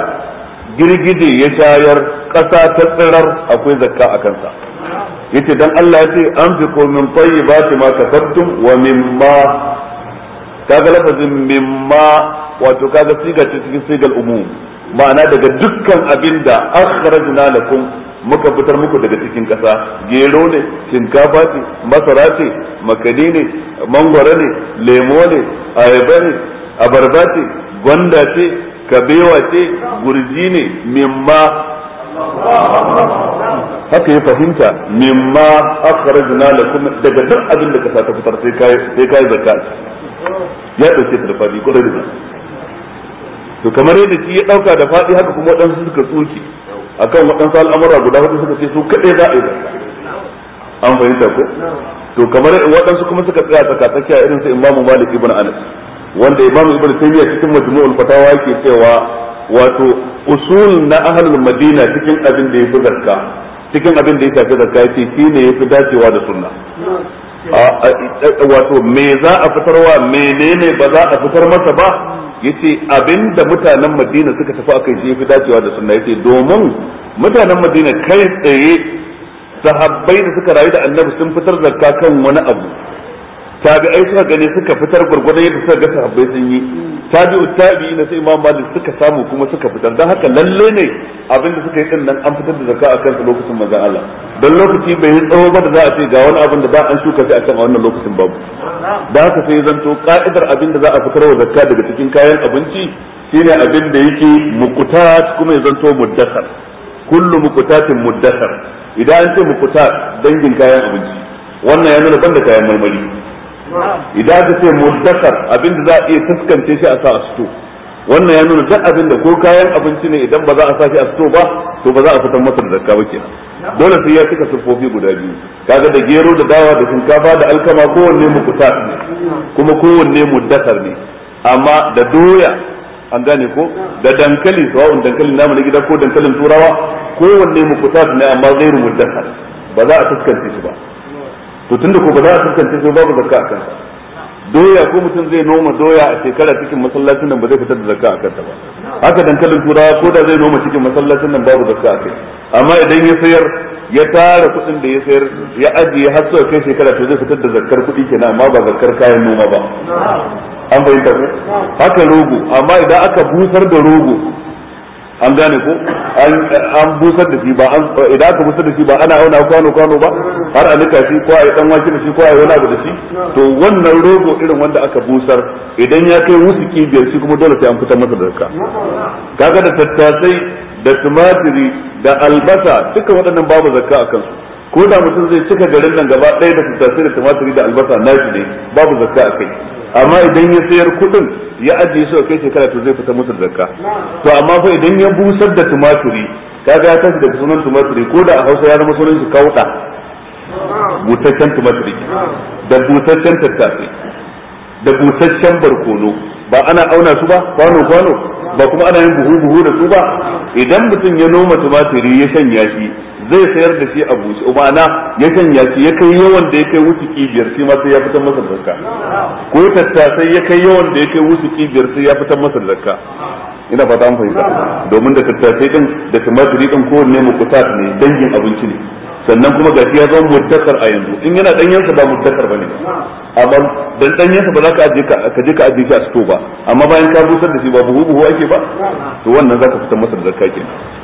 girgije ya shayar. ƙasa ta tsirar akwai zakka a kansa yace dan Allah yace an fi ko min tayyibati ma kasabtum wa mimma kaga lafazin mimma wato kaga siga ce cikin sigal umum ma'ana daga dukkan abin da akhrajna lakum muka fitar muku daga cikin ƙasa gero ne shinkafa ce masara ce makani ne mangwara ne lemo ne ayaba ne abarba ce gwanda ce kabewa ce gurji ne mimma haka ya fahimta mimma akhrajna lakum daga duk abin da kasa ta fitar sai kai sai kai zakka ya ɗauke ta da fadi ko da to kamar yadda shi ya dauka da fadi haka kuma waɗansu suka tsoki akan waɗansu al'amura guda hudu suka ce su kaɗai za a yi an fahimta ko to kamar waɗansu kuma suka tsaya tsakatsakiya irin su imamu Malik ibn Anas wanda imamu Ibn taimiyya cikin Majmu'ul Fatawa yake cewa wato usul na ahlul madina cikin abin da ya fi zakka cikin abin da ya shafi shi ne ya fi dacewa da sunna wato me za a fitarwa menene ba za a fitar masa ba yace abin da mutanen madina suka tafi akai shi fi dacewa da sunna yace domin mutanen madina kai tsaye sahabbai da suka rayu da annabi sun fitar zakka kan wani abu tabi'ai suka gani suka fitar gurgurdan yadda suka ga sahabbai sun yi tabi'u tabi'i na sai imam malik suka samu kuma suka fitar dan haka lalle ne abinda suka yi din nan an fitar da zakka akan su lokacin manzon Allah dan lokaci bai yi tsawo ba da za a ce ga wani abin da za an shuka shi akan wannan lokacin babu dan haka sai zanto ka'idar abin da za a fitar wa zakka daga cikin kayan abinci shine abin da yake muqtat kuma ya zanto muddakhar kullu muqtatin muddakhar idan an ce muqtat dangin kayan abinci wannan ya nuna banda kayan marmari idan ka ce muddakar abin da za a iya taskance shi a sa a sito wannan ya nuna duk abin da ko kayan abinci ne idan ba za a sa shi a sito ba to ba za a fitar masa da zakka ba kenan dole sai ya cika siffofi guda biyu kaga da gero da dawa da shinkafa da alkama kowanne mukuta ne kuma kowanne muddakar ne amma da doya an gane ko da dankali sawa'un dankalin namu na gida ko dankalin turawa kowanne mukuta ne amma zairu muddakar ba za a taskance shi ba to tunda ko ba za a tantance sai babu zakka a kansa doya ko mutum zai noma doya a shekara cikin masallacin nan ba zai fitar da zakka a kansa ba haka dankalin turawa ko da zai noma cikin masallacin nan babu zakka a kai amma idan ya sayar ya tara kuɗin da ya sayar ya ajiye har sai kai shekara to zai fitar da zakkar kuɗi kenan amma ba zakkar kayan noma ba an bayyana haka rogo amma idan aka busar da rogo an gane ko an busar da shi ba an idan aka busar da shi ba ana auna kwano kwano ba har a nika shi ko a yi dan wake da shi ko a wani abu da shi to wannan rogo irin wanda aka busar idan ya kai wusuki biyar shi kuma dole sai an fitar masa da ka kaga da tattasai da tumatiri da albasa duka waɗannan babu zakka a kansu ko da mutum zai cika garin nan gaba ɗaya da tattasai da tumatiri da albasa na shi ne babu zakka a kai amma idan ya sayar kuɗin ya ajiye su a kai shekara to zai fita musu zakka to amma fa idan ya busar da tumatiri kaga ya tashi da sunan tumatiri ko da a Hausa ya zama sunan shi kauda butaccen tumatiri da butaccen tattasai da butaccen barkono ba ana auna su ba kwano kwano ba kuma ana yin buhu buhu da su ba idan mutum ya noma tumatiri ya shanya shi zai sayar da shi a bushe ma'ana ya sanya shi ya kai yawan da ya kai wuce kibiyar shi ma sai ya fitar masa zakka ko tattasai ya kai yawan da ya kai wuce kibiyar sai ya fitar masa zakka ina ba an fahimta domin da tattasai din da tumatiri din kowanne mukutat ne dangin abinci ne sannan kuma gashi ya zama mudakar a yanzu in yana danyensa ba mudakar bane amma dan danyensa ba za ka aje ka je ka aje shi a sito ba amma bayan ka busar da shi ba buhu buhu ake ba to wannan zaka fitar masa zakka kenan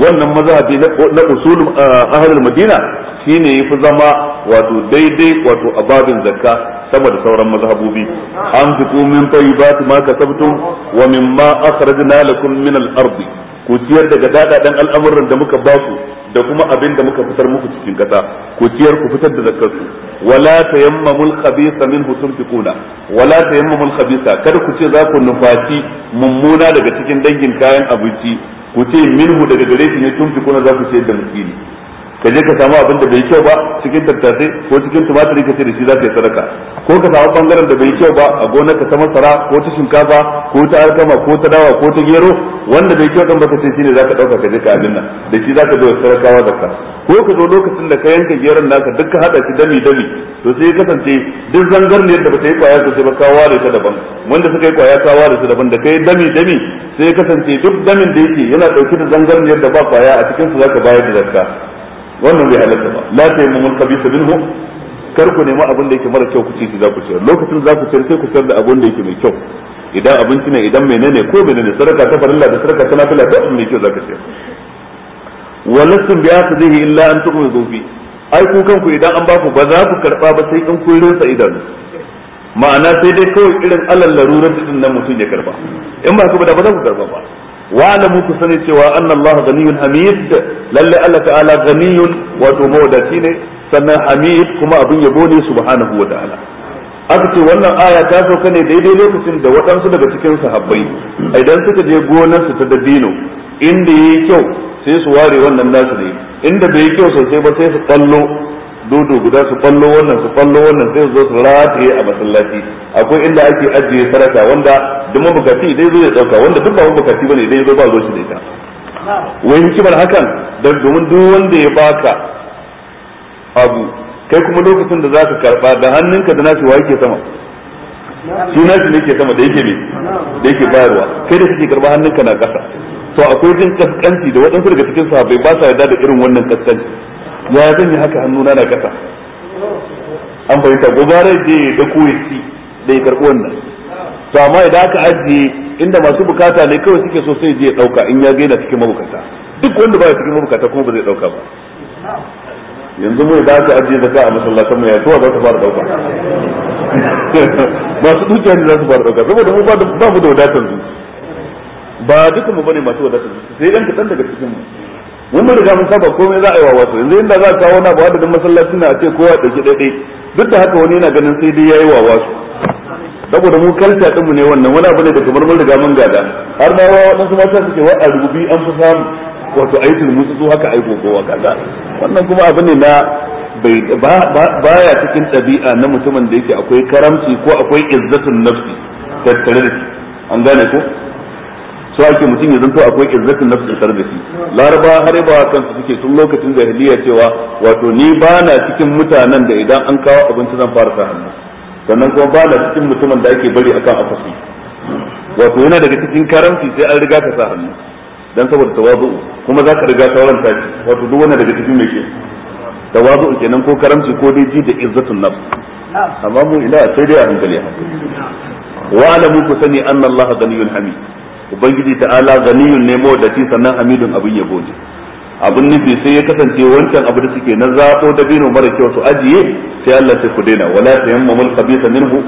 wannan mazhabi na usul uh, ahlul madina shine yafi zama wato daidai wato a babin zakka sama da sauran mazhabobi an fiku min tayyibati ma kasabtum wa mimma akhrajna lakum min al ku ciyar daga dadadan al'amuran da muka ba da kuma abin da muka fitar muku cikin kasa ku ciyar ku fitar da zakkar ku wala tayammamul min husum tikuna wala tayammamul khabisa kada ku ce za ku nufaci mummuna daga cikin dangin kayan abinci ku ce minhu daga gare shi ne tun fi kuna za ku ce da miskini ka je ka samu abin da bai kyau ba cikin tattasai ko cikin tumatiri ka ce da shi za ka yi sadaka ko ka samu bangaren da bai kyau ba a gonar ka ta masara ko ta shinkafa ko ta alkama ko ta dawa ko ta gero wanda bai kyau dan baka ce shine zaka dauka ka je ka abin nan da shi zaka zo sarakawa ka. ko ka zo lokacin da ka yanka geron naka duk ka hada shi dami dami to sai kasance duk zangar ne da bata yi kwaya sai ba ka ware ta daban wanda suka yi kwaya ka ware su daban da kai dami dami sai kasance duk damin da yake yana dauke da zangar ne da ba kwaya a cikin su zaka bayar da zakka wannan bai halatta ba la tayyamul khabisa minhu kar ku nemi abin da yake mara kyau ku ci shi za ku ciyar lokacin za ku ciyar sai ku ciyar da abin da yake mai kyau idan abinci ne idan menene ko menene sadaka ta farilla da sadaka ta nafila ta abin da yake za ka ciyar biya bi akhdihi illa an mai zofi ai ku kanku idan an ba ku ba za ku karba ba sai in kun rinsa idanu ma'ana sai dai kawai irin alal larurar din nan mutum ya karba in ba ku ba ba za ku karba ba wa alamu ku sani cewa anna Allah ganiyun hamid lalle Allah ta'ala ganiyun wato mawadaci ne sannan hamid kuma abin yabo ne subhanahu wataala aka ce wannan aya ta sauka ne daidai lokacin da waɗansu daga cikin sahabbai idan suka je gonar su ta dabino inda yayi kyau sai su ware wannan nasu ne inda bai yi kyau sosai ba sai su kallo dodo guda su kallo wannan su kallo wannan sai zo su rataye a masallaci akwai inda ake ajiye sarata wanda duk bukati dai zo ya dauka wanda duk ba bukati bane dai zo ba zo shi da ita wai hikimar hakan dan domin duk wanda ya baka abu kai kuma lokacin da za ka karba da hannunka da nashi wa yake sama shi nashi ne ke sama da yake ne da yake bayarwa kai da kake karba hannunka na kasa to akwai jin kaskanci da waɗansu daga cikin sahabbai ba sa yarda da irin wannan kaskanci ya zan yi haka hannuna na kasa an fahimta gobara je da kuwaiti da ya karɓi wannan to amma idan aka ajiye inda masu bukata ne kawai suke so sai je ya ɗauka in ya gaina cikin mabukata duk wanda ba cikin mabukata kuma ba zai ɗauka ba yanzu mai da aka ajiye zaka a masallatan mai yato za ka fara dauka masu dukiya ne za su fara dauka saboda mu ba mu da wadatar su ba duka mu bane masu wadatar su sai dan kadan daga cikin mu mun mun riga mun saba komai za a yi wa wasu yanzu inda za a kawo na ba adadin masallacin na a ce kowa dauki daidai duk da haka wani yana ganin sai dai yayi wa wasu saboda mu kalta din mu ne wannan wani abu ne da kamar mun riga mun gada har na wa wadansu mata suke wa a rubi an fi samu wato yi musu su haka aiko gogowa kaza wannan kuma abu ne na bai baya cikin ɗabi'a na mutumin da yake akwai karamci ko akwai izzatun nafsi tattare da shi an gane ko so ake mutum ya zanto akwai izzatun nafsi tattare da shi laraba har ba kansu suke tun lokacin jahiliya cewa wato ni ba na cikin mutanen da idan an kawo abinci zan fara sa hannu sannan kuma ba na cikin mutumin da ake bari akan afasi wato yana daga cikin karamci sai an riga ka sa hannu dan saboda tawazu kuma za ka riga sauran ta wato duk wanda daga cikin mai ke tawazu kenan ko karamci ko dai ji da izzatun nafs amma mu ila sai dai a hankali wa alamu ku sani anna allaha ganiyul hamid ubangiji ta'ala ganiyun ne mu mawadati sannan hamidun abin yabo ne abin nufi sai ya kasance wancan abu da suke na zato da bino mara kyau su ajiye sai Allah sai ku daina wala ta al-khabitha minhu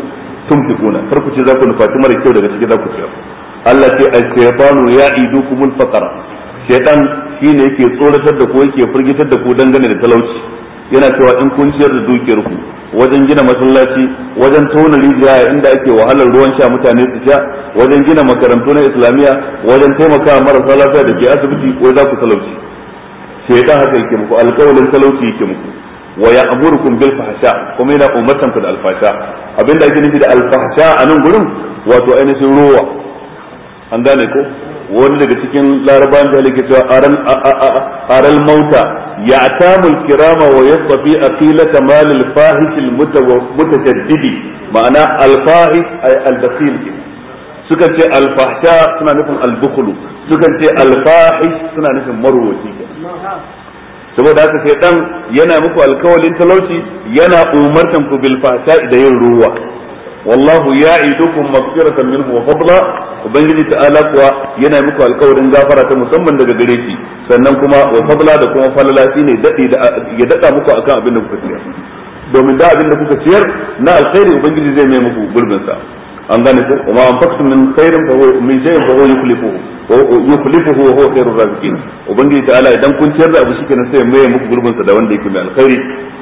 tumtikuna kar ku ce za ku nufaci mara kyau daga cikin za ku tsaya Allah ce ash-shaytanu ya'idukumul faqra shaytan shine yake tsoratar da ku yake firgitar da ku dangane da talauci yana cewa in kun ciyar da dukiyar ku wajen gina masallaci wajen tona rijiya inda ake wahalar ruwan sha mutane su sha wajen gina makarantu na islamiyya wajen taimaka marasa lafiya da ke asibiti wai za ku talauci shaytan haka yake muku alƙawarin talauci yake muku wa ya'murukum bil fahsha kuma yana umartan ku da alfasha abin abinda ake nufi da alfasha a nan gurin wato ainihin rowa an gane ko wani daga cikin laraba da yake cewa aral mauta ya atamul kirama wa yasfi aqilata mal fahis al mutajaddidi ma'ana al fahish ay al basil suka ce al suna nufin al bukhlu suka ce al suna nufin marwaci saboda haka sai dan yana muku alkawalin talauci yana umartan ku bil fahsha da yin ruwa wallahu ya'idukum maghfiratan minhu wa fadla ubangiji ta'ala kuwa yana muku alkawarin gafara ta musamman daga gare sannan kuma wa fadla da kuma falala shine dadi da ya dada muku akan abin da kuka ciyar domin da abin da kuka ciyar na alkhairi ubangiji zai mai muku gurbin an gane ko wa ma anfaqtum min khairin fa huwa min shay'in fa huwa yukhlifuhu yukhlifuhu wa huwa khairur raziqin ubangiji ta'ala idan kun ciyar da abu shikenan sai mai muku gurbin sa da wanda yake mai alkhairi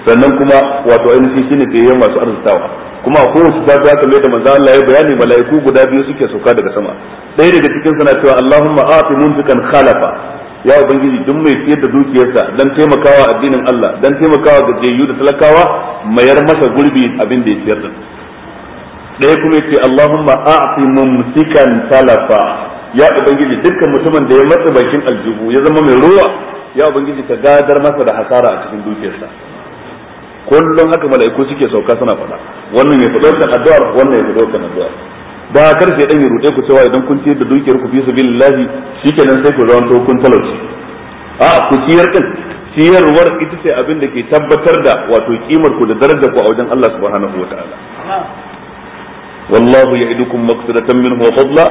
sannan kuma wato ainihin shine da yayin masu arzikawa kuma a kowace ta za ta mai da manzo Allah ya bayani mala'iku guda biyu suke sauka daga sama ɗaya daga cikin suna cewa Allahumma a'ti munfiqan khalafa ya ubangiji duk mai siyar da dukiyarsa dan taimakawa addinin Allah dan taimakawa ga jayyu da talakawa mayar masa gurbi abin da ya siyar ɗaya kuma ce Allahumma a'ti mumsikan talafa ya ubangiji dukkan mutumin da ya matsa bakin aljihu ya zama mai ruwa ya ubangiji ka gadar masa da hasara a cikin dukiyarsa kullum haka mala'iku suke sauka suna faɗa wannan ya faɗo kan addu'ar wannan ya faɗo kan addu'ar da karfe dan ya rude ku cewa idan kun ciyar da dukiyar ku fi sabilillahi shikenan sai ku zama to kun talauci a ku ciyar din ciyarwar ita ce abin da ke tabbatar da wato kimar ku da darajar ku a wajen Allah subhanahu wataala والله يعدكم مغفرة منه وفضلا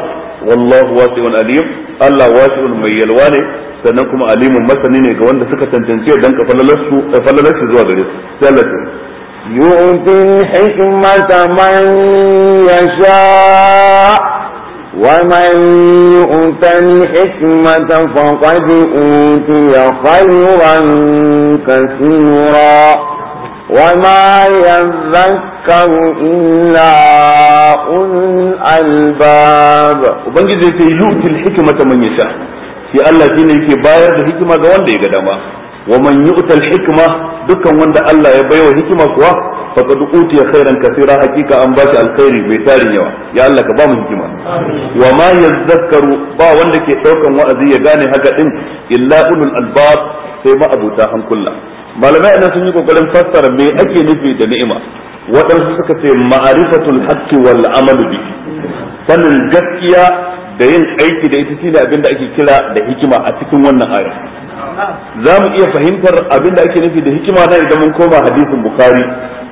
والله واسع عليم الله واسع من yalwa سنكم sannan kuma alimun masani ne ga wanda suka tantance dan يؤتي الحكمة من يشاء ومن يؤت الحكمة فقد أوتي خيرا كثيرا وما يذكر إلا أولو الألباب وبنجي في يؤتي الحكمة من يشاء في الله شيء yake bayar da hikima ga wanda ya ga dama wa man yu'tal hikma dukkan wanda Allah ya bai wa hikima kuwa faqad ya khairan kaseera hakika an bashi alkhairi bai tarin yawa ya Allah ka ba hikima wa ma yadhakkaru ba wanda ke ɗaukan wa'azi ya gane haga ɗin illa ulul albab sai ma abuta hankulla malamai nan sun yi kokarin fassara me ake nufi da ni'ima waɗansu suka ce ma'arifatul haqqi wal amalu bi sanin gaskiya da yin aiki da ita shine abin da ake kira da hikima a cikin wannan aya za mu iya fahimtar abin da ake nufi da hikima na idan mun koma hadisin bukhari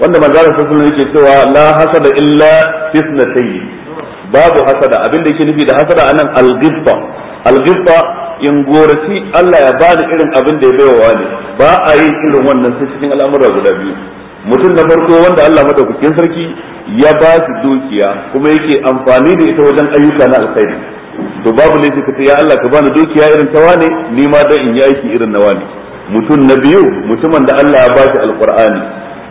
wanda manzara sallallahu alaihi yake cewa la hasada illa fi babu hasada abin da yake nufi da hasada anan al-ghibta al in goraci Allah ya bani irin abin da ya bai wa ne ba a yi irin wannan sai cikin al'amura guda biyu mutum na farko wanda Allah madaukakin sarki ya ba shi dukiya kuma yake amfani da ita wajen ayyuka na alkhairi to babu laifi ka ce ya Allah ka bani dukiya irin ta wane ni ma dan in yi aiki irin na wane mutum na biyu mutumin da Allah ya ba shi alqur'ani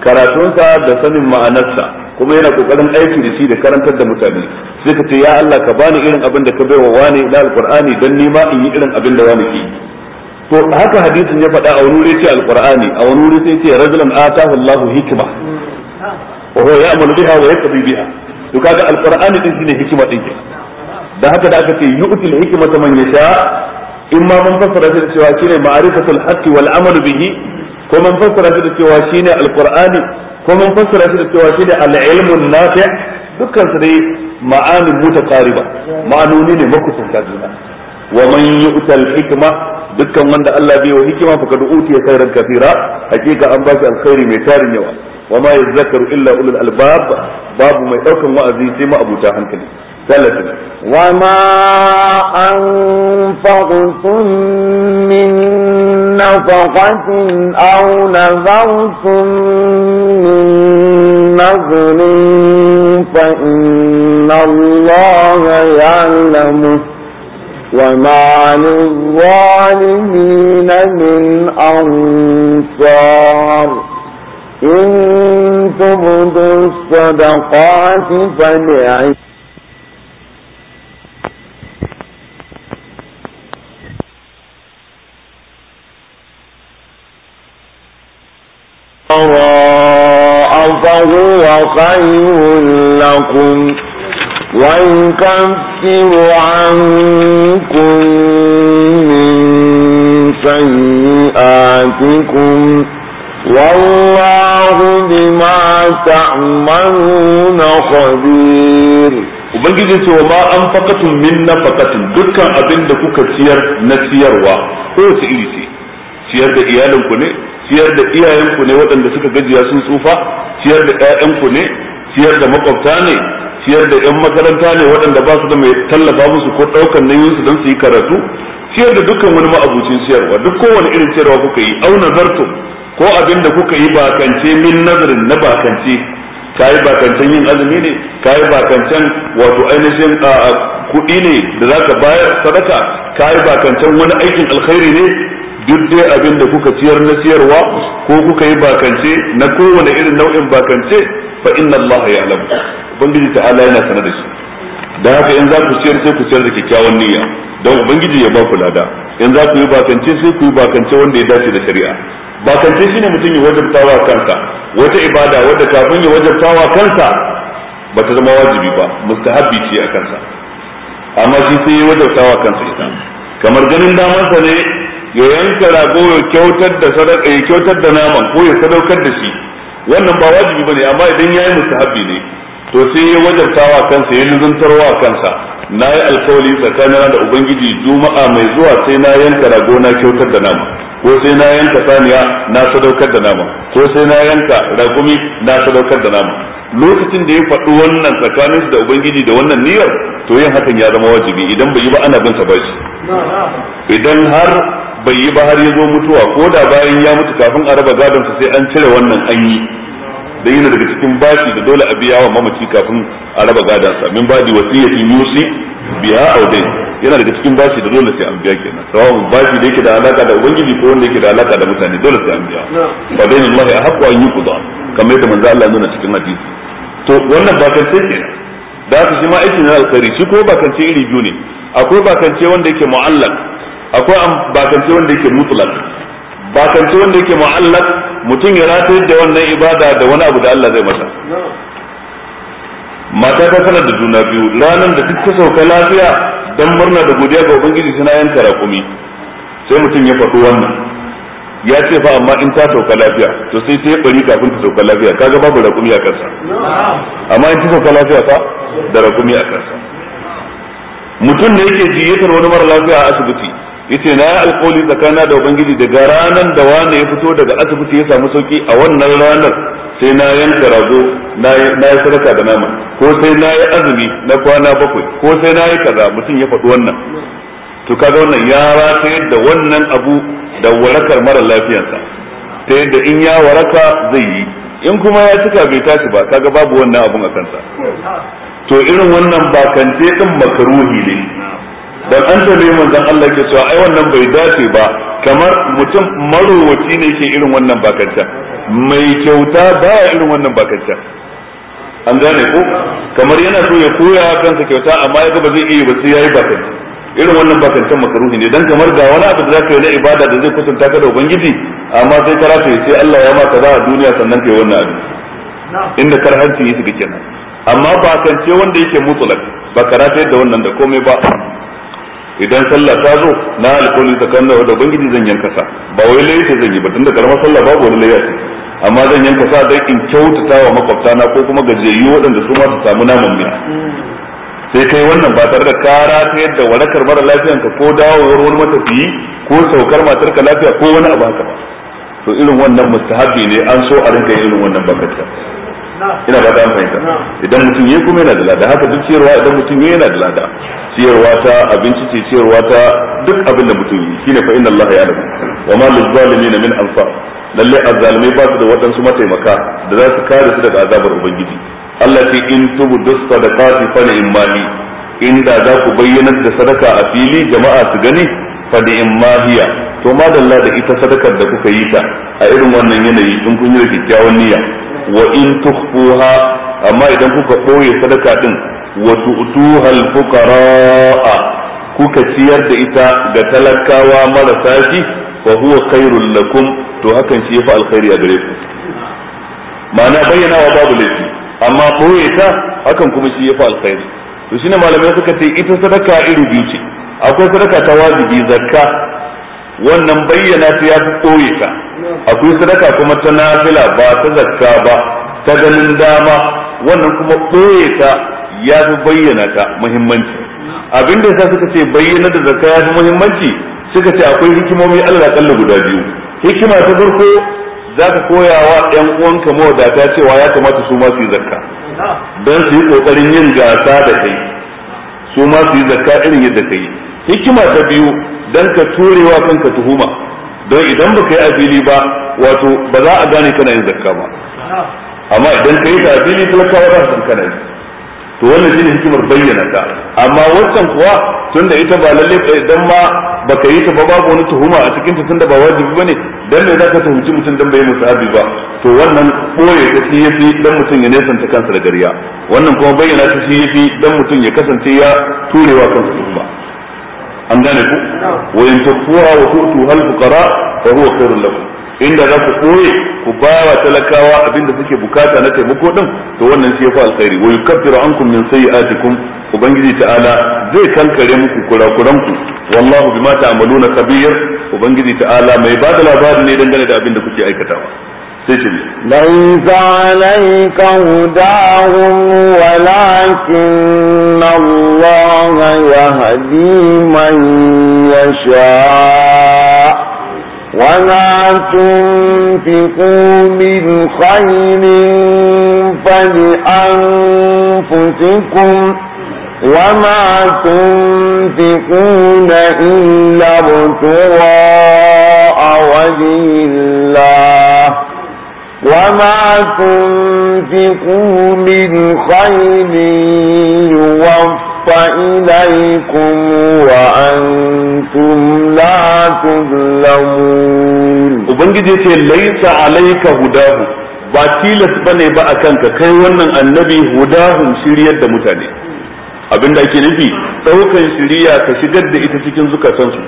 karatunsa da sanin ma'anarsa kuma yana kokarin aiki da shi da karantar da mutane sai ka ce ya Allah ka bani irin abin da ka baiwa wani na alqur'ani dan ni ma in yi irin abin da wani ke to haka hadisin ya faɗa a wani wuri ce alqur'ani a wani wuri sai ce rajulan atahu Allahu hikma wa huwa ya'malu biha wa yaqdi biha to kaga alqur'ani din shine hikima din da haka da aka ce yu'til hikmata man yasha in ma mun fassara shi da cewa shine ma'rifatul haqqi wal amalu bihi ko mun fassara shi da cewa shine alqur'ani ko mun fassara shi da cewa shi da al-ilmun nafi' dukkan su dai ma'ani mutaqariba ma'anoni ne makusanta juna wa man yu'tal hikma dukkan wanda Allah bai wa hikima fa kad utiya khairan kathira hakika an ba shi alkhairi mai tarin yawa wa ma yadhakkaru illa ulul albab babu mai daukan wa'azi sai ma abuta hankali ثلاثة وما أنفقتم من نفقة أو نذرتم من نذر فإن الله يعلمه وما للظالمين من أنصار إن تبدوا الصدقات فنعم خير لكم ويكفر عنكم من سيئاتكم والله بما تعملون خبير ubangiji ce wa ma an fakatun min na fakatun dukkan abin da kuka ciyar na ciyarwa ko wace iri ce ciyar da iyalinku ne ciyar da iyayenku ne waɗanda suka gajiya sun tsufa ciyar da ƴaƴanku ne ciyar da makwabta ne ciyar da ƴan makaranta ne waɗanda ba su da mai tallafa musu ko ɗaukan nauyin su don su yi karatu ciyar da dukkan wani ma'abucin ciyarwa duk kowane irin ciyarwa kuka yi au nazartum ko abin da kuka yi bakance min nazarin na bakance kayi bakancen yin azumi ne kayi bakancen wato ainihin kuɗi ne da zaka bayar sadaka kayi bakancen wani aikin alkhairi ne duk dai abin da kuka ciyar na ciyarwa ko kuka yi bakance na kowane irin nau'in bakance fa inna Allah ya alamu ubangiji ta'ala yana sanar da shi da haka in za ku ciyar sai ku ciyar da kyakkyawan niyya don ubangiji ya ba ku lada in za ku yi bakance sai ku yi bakance wanda ya dace da shari'a bakance shine mutum ya wajabtawa kansa wata ibada wadda kafin ya wajabtawa kansa bata zama wajibi ba mustahabbi ce a kansa amma shi sai ya wajabtawa kansa ita kamar ganin damansa ne ya yanka rago ya kyautar da sadaka ya kyautar da naman ko ya sadaukar da shi wannan ba wajibi bane amma idan yayi mustahabi ne to sai ya wajabtawa kansa ya luzuntarwa kansa na yi tsakanin tsakanina da ubangiji juma'a mai zuwa sai na yanka rago na kyautar da nama ko sai na yanka saniya na sadaukar da nama ko sai na yanka ragumi na sadaukar da nama lokacin da ya faɗi wannan tsakanin da ubangiji da wannan niyyar to yin hakan ya zama wajibi idan bai yi ba ana bin sa bashi idan har bai yi ba har ya zo mutuwa ko da bayan ya mutu kafin a raba gadon sai an cire wannan an yi da yana daga cikin bashi da dole a biya wa mamaci kafin a raba gadon sa min badi wasiyatin yusi biya dai yana daga cikin bashi da dole sai an biya kenan sawan bashi da yake da alaka da ubangiji ko wanda yake da alaka da mutane dole sai an biya fa dai Allah ya hakku an yi yuqda kamar yadda manzo Allah nuna cikin hadisi to wannan ba kan sai kenan da su shi ma aikin na alkhairi shi ko ba kan ce iri biyu ne akwai ce wanda yake mu'allaq akwai bakance wanda yake mutlaq bakance wanda yake mu'allaq mutum ya rata yadda wannan ibada da wani abu da Allah zai masa mata ta sanar da juna biyu ranar da duk ta sauka lafiya dan murna da godiya ga ubangiji suna yanka rakumi sai mutum ya faɗo wannan ya ce fa amma in ta sauka lafiya to sai ta yi bari kafin ta sauka lafiya kaga babu rakumi a kansa amma in ta sauka lafiya fa da rakumi a kansa mutum da yake jiyatar wani mara lafiya a asibiti yace na yi alkawali tsakanin da ubangiji daga ranar da wani ya fito daga asibiti ya samu sauki a wannan ranar sai na yanka rago na yi sadaka da nama ko sai na yi azumi na kwana bakwai ko sai na yi kaza mutum ya faɗi wannan to kaga wannan ya rata yadda wannan abu da warakar mara lafiyarsa ta yadda in ya waraka zai yi in kuma ya cika bai tashi ba kaga babu wannan abun a kansa to irin wannan bakance din makaruhi ne dan an neman zan Allah ke cewa ai wannan bai dace ba kamar mutum marowaci ne yake irin wannan bakanta mai kyauta baya irin wannan bakanta an gane ko kamar yana so ya koya kansa kyauta amma ya ba zai iya ba sai yayi bakanta irin wannan bakantan makaruhi ne dan kamar ga wani abu da zaka yi na ibada da zai kusanta ka da ubangiji amma sai ka rafe sai Allah ya maka za a duniya sannan kai wannan abu inda karhanci yake kenan amma bakance wanda yake mutlak ba karate da wannan da komai ba idan sallah ta zo na alƙawari tsakanin da ubangiji zan yanka sa ba wai laifi zan yi ba tunda karamar sallah babu wani laifi amma zan yanka sa dan in kyautata wa makwabta na ko kuma gajiyayyu waɗanda su ma su samu naman miya sai kai wannan ba tare da kara ta yadda warakar mara lafiyan ka ko dawowar wani matafiyi ko saukar matar ka lafiya ko wani abu haka ba to irin wannan mustahabi ne an so a rinka irin wannan bakatta ina ba ta fahimta idan mutum ya kuma yana da lada haka duk ciyarwa idan mutum ya yana da lada ciyarwa ta abinci ce ciyarwa ta duk abin da mutum yi shine fa inna Allah ya alamu wa ma lil zalimin min ansar lalle azalimi ba su da wadansu mataimaka da za su kare su daga azabar ubangiji Allah ce in tubu da sadaqati fa in mali inda za ku bayyanar da sadaka a fili jama'a su gani fa da in to madalla da ita sadakar da kuka yi ta a irin wannan yanayi in kun yi da kyakkyawan niyya wa in tukhfuha amma idan kuka koye sadaka din wa tu'tuha al-fuqara kuka ciyar da ita ga talakawa marasa shi fa huwa khairul lakum to hakan shi yafi alkhairi a gare ku ma'ana bayyana wa babu laifi amma koye ta hakan kuma shi yafi alkhairi to shine malamai suka ce ita sadaka iri biyu ce akwai sadaka ta wajibi zakka wannan bayyana ta ya fi koyi ta akwai sadaka kuma ta nafila ba ta zakka ba ta ganin dama wannan kuma koyi ta ya fi bayyana ta muhimmanci abin da yasa suka ce bayyana da zakka ya fi muhimmanci suka ce akwai hikimomi Allah kalla guda biyu hikima ta farko za ka koya wa ‘yan uwanka mawadata cewa ya kamata su ma su yi zakka don su yi ƙoƙarin yin gasa da kai su ma su yi zakka irin yadda kai hikima ta biyu dan ka turewa kanka tuhuma don idan baka yi a fili ba wato ba za a gane kana yin zakka ba amma idan ka yi ta a fili talakawa za su kana yi to wannan shine hikimar bayyana ta amma wannan kuwa tunda ita ba lalle idan ma baka yi ta ba babu wani tuhuma a cikin ta tunda ba wajibi bane dan me zaka tuhumci mutum dan bai musu abi ba to wannan boye ta shi yafi dan mutum ya nesanta kansa da gariya wannan kuma bayyana ta shi yafi dan mutum ya kasance ya turewa kansa an gane ku wa in tufuha wa tu'tu hal fuqara fa huwa khairul lakum inda za ku koye ku ba wa talakawa abinda suke bukata na taimako din to wannan shi yafi alkhairi wa yukaffiru ankum min sayi'atikum ubangiji ta'ala zai kankare muku kurakuran ku wallahu bima ta'maluna kabir ubangiji ta'ala mai bada labari ne dangane da abin da kuke aikatawa ليس عليك هداهم ولكن الله يهدي من يشاء وما تنفقوا من خير فلأنفسكم وما تنفقون إلا ابتغاء وجه الله وما تنفقوا من خير يوفى إليكم وأنتم لا تظلمون وبنجي ليس عليك هداه ba tilas bane ba a kanka kai wannan annabi hudahun shiryar da mutane abinda ake nufi daukan shiriya ka shigar da ita cikin zukatansu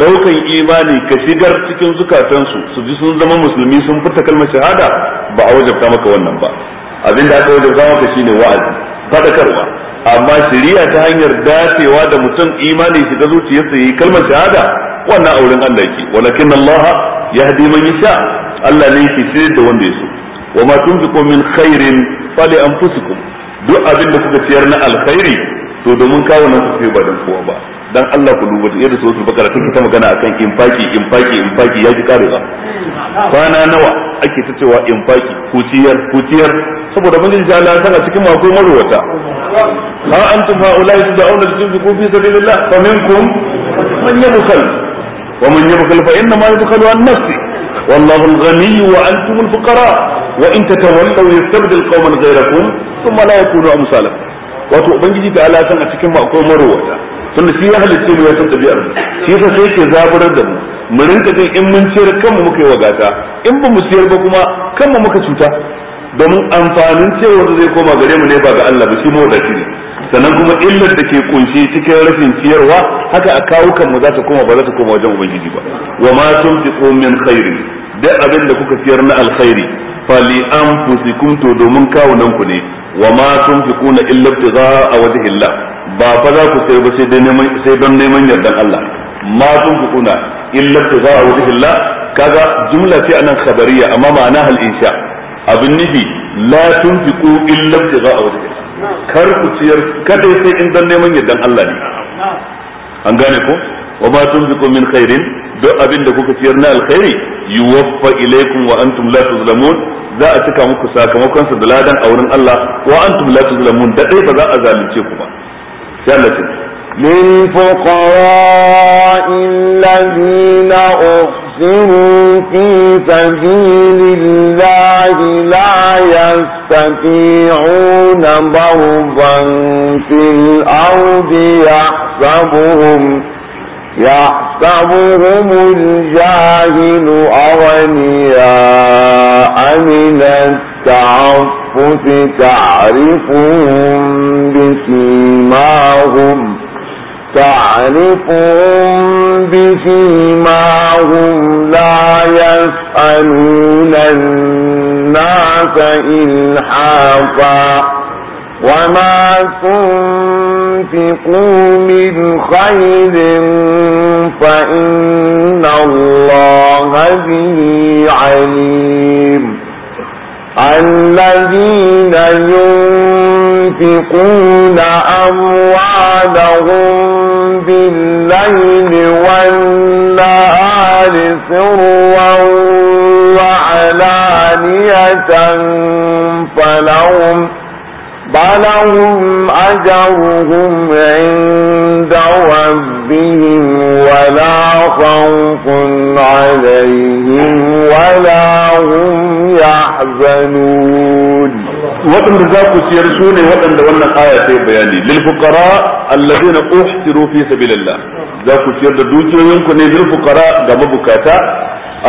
daukan imani ka shigar cikin zukatansu su ji sun zama musulmi sun furta kalmar shahada ba a wajabta maka wannan ba abinda aka wajabta maka shine wa'azi fadakarwa amma shiriya ta hanyar dacewa da mutum imani shiga zuciyarsa yayi kalmar shahada wannan auren Allah yake walakin Allah yahdi man yasha Allah ne yake shirye da wanda ya so wa ma tunfiqu min khairin fali anfusikum duk abin da kuka ciyar na alkhairi to domin kawo nan su ba dan kowa ba dan Allah ku duba yadda su su bakara take ta magana akan infaki infaki infaki ya ji karewa kwana nawa ake ta cewa infaki kuciyar kuciyar saboda mun ji Allah tana cikin mako marwata ha antum haula'i tad'una tunfiqu fi sabilillah fa minkum man yabkhal wa man yabkhal fa inna ma yabkhalu an nafsi wallahu al-ghani wa antum al-fuqara wa in tatawallaw yastabdil qauman ghayrakum thumma la yakunu amsalakum wato ubangiji ta alasan san a cikin mu akwai marowata tunda shi ya halitta ne ya san mu shi yasa sai yake zaburar da mu mu rinka jin in mun ciyar kanmu muka yi wa gata in ba mu ciyar ba kuma kanmu muka cuta domin amfanin cewar zai koma gare mu ne ba ga Allah ba shi mawadaci ne sannan kuma illar da ke kunshi cikin rashin ciyarwa haka a kawo mu za ta koma ba za ta koma wajen ubangiji ba wa ma tunfiqu min khairin da abin da kuka ciyar na alkhairi fali an anfusikum to domin kawunan ku ne wa ma fi tunfiquna illa waje illa ba fa za ku sai ba sai don neman sai dan neman yardan Allah ma tunfiquna illa ibtigha'a wajhillah kaga jumla ce anan khabariya amma ma'ana hal insha abin nufi la fi tunfiqu illa waje illa kar ku ciyar kadai sai in don neman yardan Allah ne an gane ko wa ma tunfiqu min khairin duk abin da kuka ciyar na alkhairi yuwaffa ilaykum wa antum la tuzlamun za a cika muku sakamakon sa da ladan a wurin Allah wa antum la tuzlamun da dai ba za a zalunce ku ba sai Allah ya للفقراء الذين يحسبهم الجاهل أغنياء من التعفف تعرفهم بسيماهم تعرفهم بسيماهم لا يسألون الناس إلحافا وما تنفقوا من خير فإن الله به عليم الذين ينفقون أموالهم بالليل والنهار سرا وعلانية فلهم فلهم أجرهم عند ربهم ولا خوف عليهم ولا هم يحزنون waɗanda za ku ciyar su ne waɗanda wannan aya ta yi bayani lil fuqara allazina uhsiru fi sabilillah za ku ciyar da dukiyoyinku ne lil ga mabukata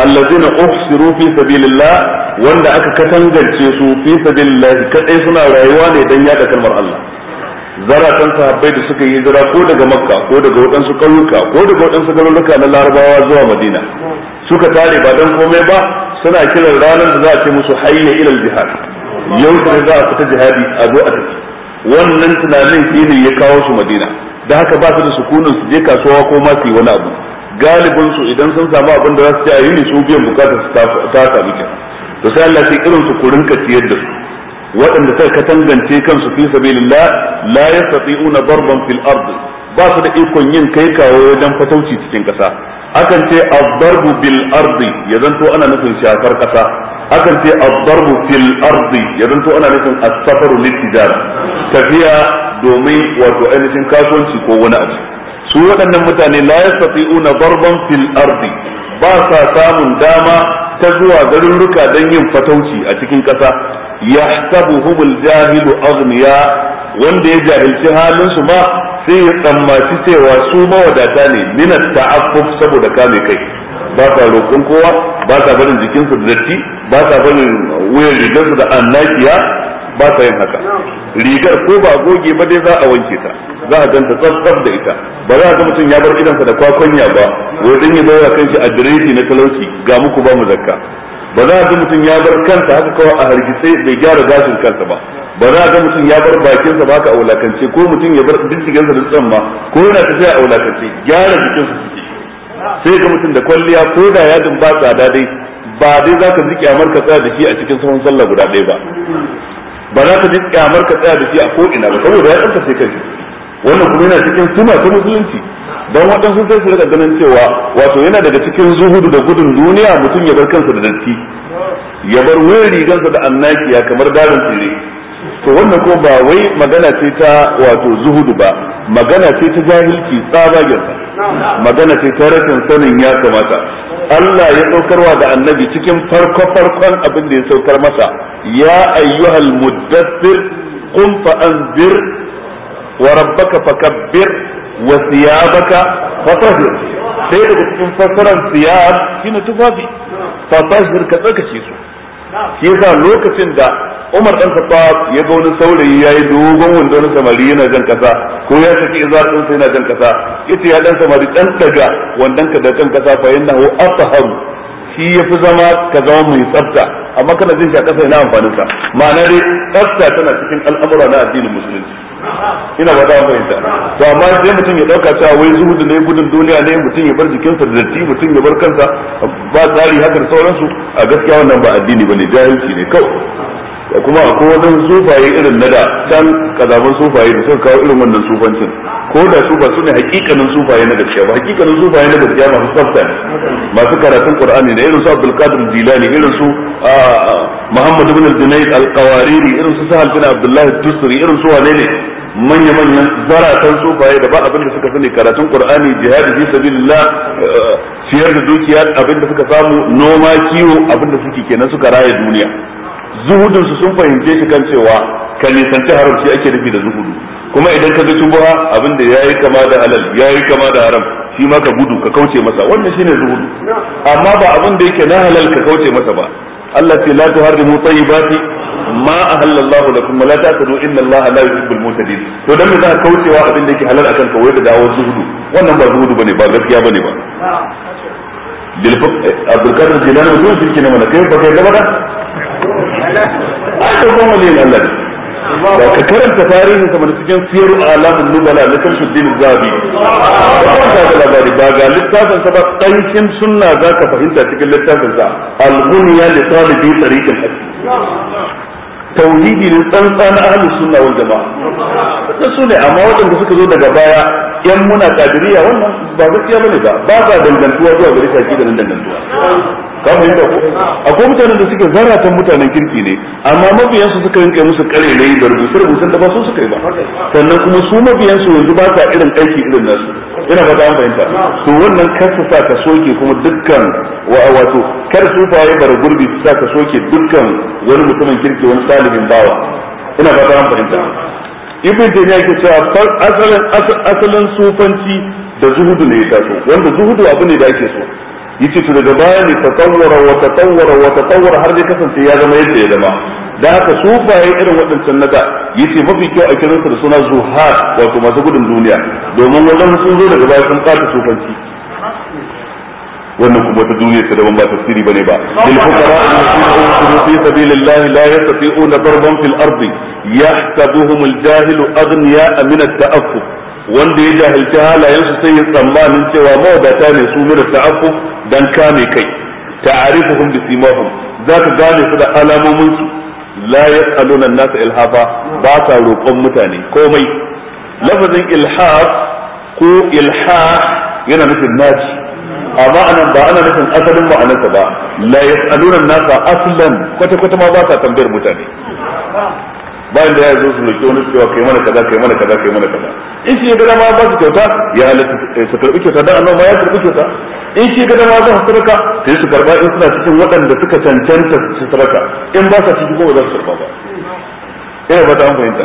allazina ukhsiru fi sabilillah wanda aka katangance su fi sabilillah kadai suna rayuwa ne dan yada kalmar Allah zaratan sahabbai da suka yi hijira ko daga makka ko daga waɗansu kauyuka ko daga wadansu garuruka na larabawa zuwa madina suka tare ba dan komai ba suna kiran ranar da za a ce musu hayya ilal jihad yau ne za a fita jihadi a zo a tafi wannan tunanin shine ya kawo su madina da haka ba su da sukunin su je kasuwa ko ma su yi wani abu galibin su idan sun samu abin da za su ci a yini su biyan bukatar su ta samu kenan to sai Allah sai irin su ku rinka ciyar da su waɗanda sai ka tangance kansu fi sabilillah la yastati'una darban fil ard ba su da ikon yin kai kawo wajen fatauci cikin ƙasa akan ce ad-darbu bil ard ya zanto ana nufin shafar ƙasa akan ce ad-darbu fil ard ya zanto ana nufin as-safaru tijara tafiya domin wato ainihin kasuwanci ko wani abu su waɗannan mutane la yastati'una darban fil ardi ba sa samun dama ta zuwa ruka don yin fatauci a cikin ƙasa yahtabuhumul jahilu aghniya wanda ya jahilci halin su ma sai ya tsammaci cewa su mawadata ne minat ta'affuf saboda kame kai ba sa roƙon kowa ba sa barin jikinsu da datti ba sa barin wuyan rigarsu da annakiya ba sa yin haka rigar ko ba goge ba dai za a wanke ta za a ganta tsaf da ita ba za a ga mutum ya bar idansa da kwakwanya ba wurin ya kan kanshi a direti na talauci ga muku ba mu zakka ba za a ga mutum ya bar kansa haka kawai a hargitse bai gyara gashin kansa ba ba za a ga mutum ya bar bakinsa ba haka a ko mutum ya bar diddigensa da tsamma ko yana tafiya a wulakance gyara jikinsa suke sai ga mutum da kwalliya ko da yadin ba tsada dai ba dai za ka ji kyamar ka tsaya da shi a cikin sahun sallah guda ɗaya ba ba za ka ji kyamar ka tsaya da shi a ko ina ba saboda ya sai kai wannan kuma yana cikin suna ta musulunci don waɗansu sai su ganin cewa wato yana daga cikin zuhudu da gudun duniya mutum ya bar kansa da datti ya bar wurin rigansa da annakiya kamar garin tsire to wannan ko ba wai magana ce ta wato zuhudu ba magana ce ta jahilci tsabagen magana ce ta rashin sanin ya kamata Allah ya saukarwa da annabi cikin farko farkon abin da ya saukar masa ya ayyuhal muddathir qum fa anzir wa rabbaka fakabbir wa thiyabaka fatahhir sai daga cikin fasaran siyar shine tufafi fatahhir ka tsakace su shi yasa lokacin da Umar dan Khattab ya ga wani saurayi ya yi dogon wando na samari yana jan kasa ko ya saki izar din sai yana jan kasa yace ya dan samari dan daga wandan ka da kan kasa fa yannahu Haru shi yafi zama ka zama mai tsafta amma kana jin shi a kasa yana amfanin sa ma'ana dai tsafta tana cikin al'amura na addinin musulunci ina ba da to amma sai mutum ya dauka cewa wai zuhudu ne gudun duniya ne mutum ya bar jikinsa da datti mutum ya bar kansa ba tsari haka da sauransu a gaskiya wannan ba addini bane jahilci ne kawai kuma akwai wadansu sufaye irin na da can kazaman sufaye da suka kawo irin wannan sufancin ko da su ba su ne hakikanin sufaye na gaskiya ba hakikanin sufaye na gaskiya masu tsafta ne masu karatun qur'ani da irin su abdul qadir jilani irin su muhammad ibn al-junayd al-qawariri irin su sahal bin abdullah tusri irin su wane ne manya manyan zaratan sufaye da ba abin da suka sani karatun qur'ani jihad fi sabilillah siyar eh, da dukiya abin da suka samu noma kiwo abin da suke kenan suka raye duniya zuhudun su sun fahimce shi kan cewa ka nisanci haram shi ake nufi da zuhudu kuma idan ka ga buha abin da yayi kama da halal yayi kama da haram shi ma ka gudu ka kauce masa wannan shine zuhudu amma ba abin da yake na halal ka kauce masa ba Allah ce la tuharrimu tayyibati ma ahallallahu lakum wa la ta'tadu inna Allah la yuhibbul mutadid to dan me za ka kaucewa abin da yake halal akan ka wai da dawo zuhudu wannan ba zuhudu bane ba gaskiya bane ba abdulkadir jilani karim shi ke na mana kai ba kai gaba ko zama ne Allah da ka karanta tarihin kamar cikin siyaru alamun nubala na kan shuddin zabi ba da labari ba ga littafin sa ba ɗankin sunna za ka fahimta cikin littafin sa al-bunya li talibi tariqin haqq tauhidi ne tsantsan ahli sunna wal jama'a da su ne amma waɗanda suka zo daga baya yan muna kadiriya wannan ba gaskiya bane ba ba ba dangantuwa zuwa gari shi ake da dangantuwa ka fahimta ko akwai mutanen da suke zarata mutanen kirki ne amma mabiyan su suka rinke musu kare ne da rubuce rubucen da ba su suka yi ba sannan kuma su mabiyan su yanzu ba ta irin aiki irin nasu ina fata an fahimta to wannan kasu sa ka soke kuma dukkan wa wato kar su faye bar gurbi sa ka soke dukkan wani mutumin kirki wani ɗalibin bawa ina ba ta fahimta ibn taymiya yake cewa asalin asalin sufanci da zuhudu ne ya taso wanda zuhudu abu ne da ake so yace to daga baya ne tatawwara wa tatawwara wa tatawwara har dai kasance ya zama yadda ya zama da haka sufaye irin waɗancan naga yace mafi kyau a kiransu da suna zuhad wato masu gudun duniya domin wajen sun zo daga baya sun kafa sufanci wannan kuma ta duniya ta daban ba tafsiri bane ba lil fuqara alladhina fi sabilillahi la yastati'una darban fil ardi yahsabuhum al-jahil aghniya min at-ta'affuf wanda ya jahilci halayen su sai ya tsammanin cewa mawadata ne su mura ta'affuf dan kame kai ta'arifuhum bi simahum zaka gane su da alamomin su la yas'aluna an-nasa ilhafa ba sa roƙon mutane komai lafazin ilhaf ko ilha yana nufin naci amma anan ba ana nufin asalin ma'anarsa ba la yas'aluna nasa aslan kwata kwata ma ba ta tambayar mutane bayan da ya zo su roki wani cewa kai mana kaza kai mana kaza kai mana kaza in shi ga dama ba su kyauta ya halatta su eh, karbi kyauta dan annabi ma ya karbi kyauta in shi ga dama za su sadaka sai su karba in suna cikin waɗanda suka cancanta su sadaka in ba sa cikin ko ba za su karba ba ina ba ta an fahimta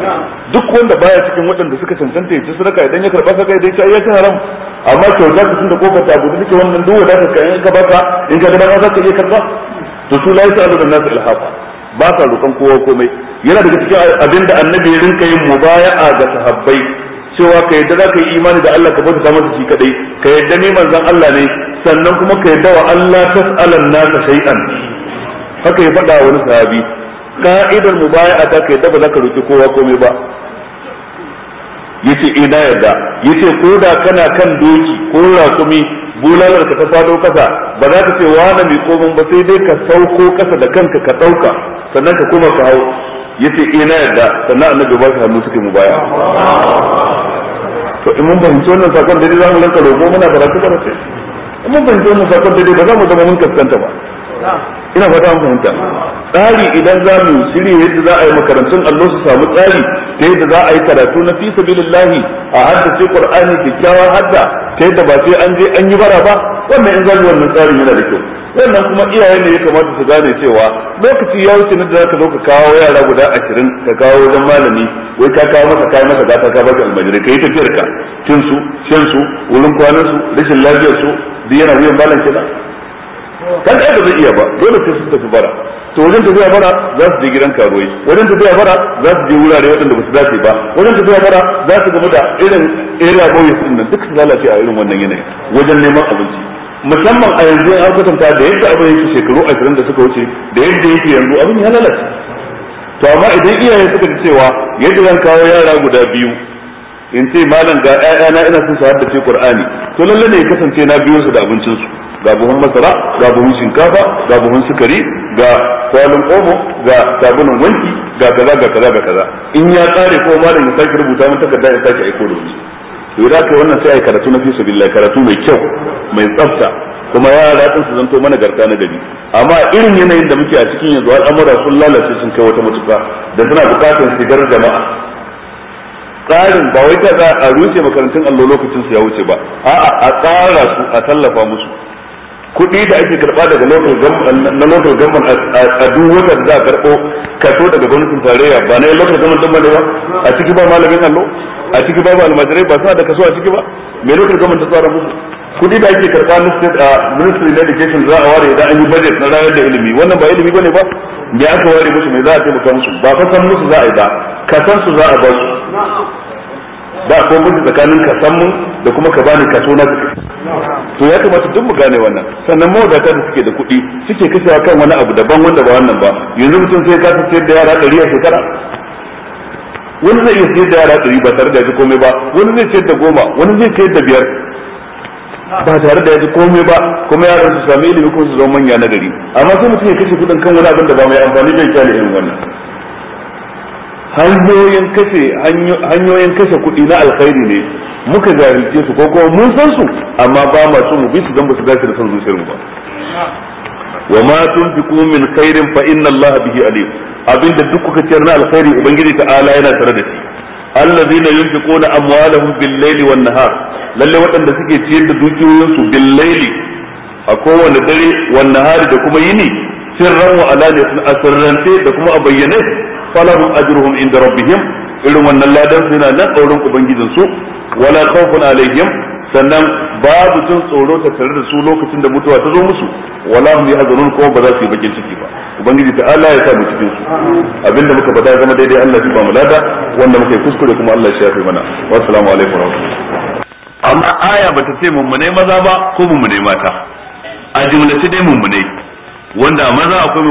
duk wanda baya cikin waɗanda suka cancanta ya ci sadaka idan ya karɓa sadaka idan ya ci ya ci haram amma za ta tunda kofar ta abu da wannan duk wanda ka in ka baka in ka da baka za ka iya karɓa to su la yasa da nasu ilhafa ba sa roƙon kowa komai yana daga cikin abin da annabi ya rinka yin mubaya'a ga sahabbai cewa ka yadda za ka yi imani da Allah ka bauta masa shi kadai ka yadda ni manzon Allah ne sannan kuma ka yadda wa Allah tas'alan nasa shay'an haka ya faɗa wani sahabi ka'idar mubaya'a ta kai da ba za ka roki kowa komai ba yace ina eh, yarda yace ko da kana kan doki ko rakumi bulalar ka ta fado kasa ba za ka ce wani mai komai ba sai dai ka sauko kasa da kanka ka dauka sannan ka koma ka hawo yace ina eh, yarda sannan annabi ba ka hannu suke baya. to in mun fahimci wannan sakon da dai za mu ranka roƙo muna karatu karatu in mun fahimci wannan sakon da dai ba za mu zama mun kaskanta ba ina fata an fahimta tsari idan za mu shirye yadda za a yi makarantun allo su samu tsari ta yadda za a yi karatu na fisa bilillahi a haddace qur'ani kyakkyawa hadda ta yadda ba sai an je an yi bara ba wannan in zamu wannan tsarin yana da kyau wannan kuma iyaye ne ya kamata su gane cewa lokaci ya wuce na da zaka zo ka kawo yara guda ashirin ka kawo wajen malami wai ka kawo masa kai masa gata ka baka almajirai kai tafiyar ka cin su shan su wurin kwanan rashin lafiyar su duk yana wuyan malam kenan kan ɗaya da zai iya ba dole sai sun tafi bara to wajen tafiya bara za su je gidan karuwai wajen tafiya bara za su je wurare waɗanda ba su dace ba wajen tafiya bara za su gaba da irin area boys din nan duk su lalace a irin wannan yanayi wajen neman abinci musamman a yanzu an kwatanta da yadda abin yake shekaru ashirin da suka wuce da yadda yake yanzu abin ya lalace to amma idan iyaye suka ji cewa yadda zan kawo yara guda biyu in ce malam ga ƴaƴana ina son su haddace qur'ani to lalle ne ya kasance na biyo su da abincin su ga buhun masara ga buhun shinkafa ga buhun sukari ga kwalin omo ga sabulun wanki ga kaza ga kaza ga kaza in ya kare ko malam ya sake rubuta mun takarda ya sake aiko da wani to da kai wannan sai ai karatu na fi sabilillah karatu mai kyau mai tsafta kuma yara din su zanto mana garka na gari amma irin yanayin da muke a cikin yanzu al'amura sun lalace sun kai wata matuƙa da suna bukatar shigar jama'a tsarin ba wai ta a rushe makarantun allo lokacin su ya wuce ba a'a a tsara su a tallafa musu kuɗi da ake karɓa daga na local government a duk wata da za a karɓo kaso daga gwamnatin tarayya ba na local government ɗin ba a ciki ba malamin allo a ciki ba almajirai ba sa da kaso a ciki ba me local government ta tsara musu kudi da ake karɓa ministry na education za a ware idan an yi budget na ranar da ilimi wannan ba ilimi bane ba me aka ware musu me za a taimaka musu ba kasan san musu za a yi ba ka san su za a ba su ba ko mutu tsakanin ka san mu da kuma ka bani kaso na kake to ya kamata duk mu gane wannan sannan mawadata da suke da kuɗi suke kashewa kan wani abu daban wanda ba wannan ba yanzu mutum sai ka sayar da yara ɗari a shekara wani zai iya sayar da yara ɗari ba tare da ya komai ba wani zai sayar da goma wani zai sayar da biyar ba tare da ya ji komai ba kuma ya su sami ilimi kuma su zama manya na gari amma sai mutum ya kashe kudin kan wani abin da ba mai amfani bai kyale irin wannan hanyoyin kashe hanyoyin kashe kuɗi na alkhairi ne muka jahilce su ko kuma mun san su amma ba ma su mu bi su dan ba su dace da son zuciyar mu ba wa ma tunfiqu min khairin fa inna Allah bihi alim abinda duk kuka ciyar na alkhairi ubangiji ta'ala yana tare da shi allazina yunfiquna amwalahum bil-laili wan-nahar lalle waɗanda suke ciyar da dukiyoyinsu bil-laili a kowane dare wan da kuma yini sirran wa alaniyatin asirrance da kuma a bayyane falahum ajruhum inda rabbihim irin wannan ladan suna nan auren ubangijin su wala khawfun alaihim sannan babu jin tsoro ta tare da su lokacin da mutuwa ta zo musu wala hum yahzanun ko ba za su yi bakin ciki ba ubangiji ta Allah ya sa mu cikin su abinda muka bada zama daidai Allah ya ba mu lada wanda muka yi kuskure kuma Allah ya shafe mana assalamu alaikum amma aya bata ce munai maza ba ko mummune mata a jumlace dai mummune wanda maza akwai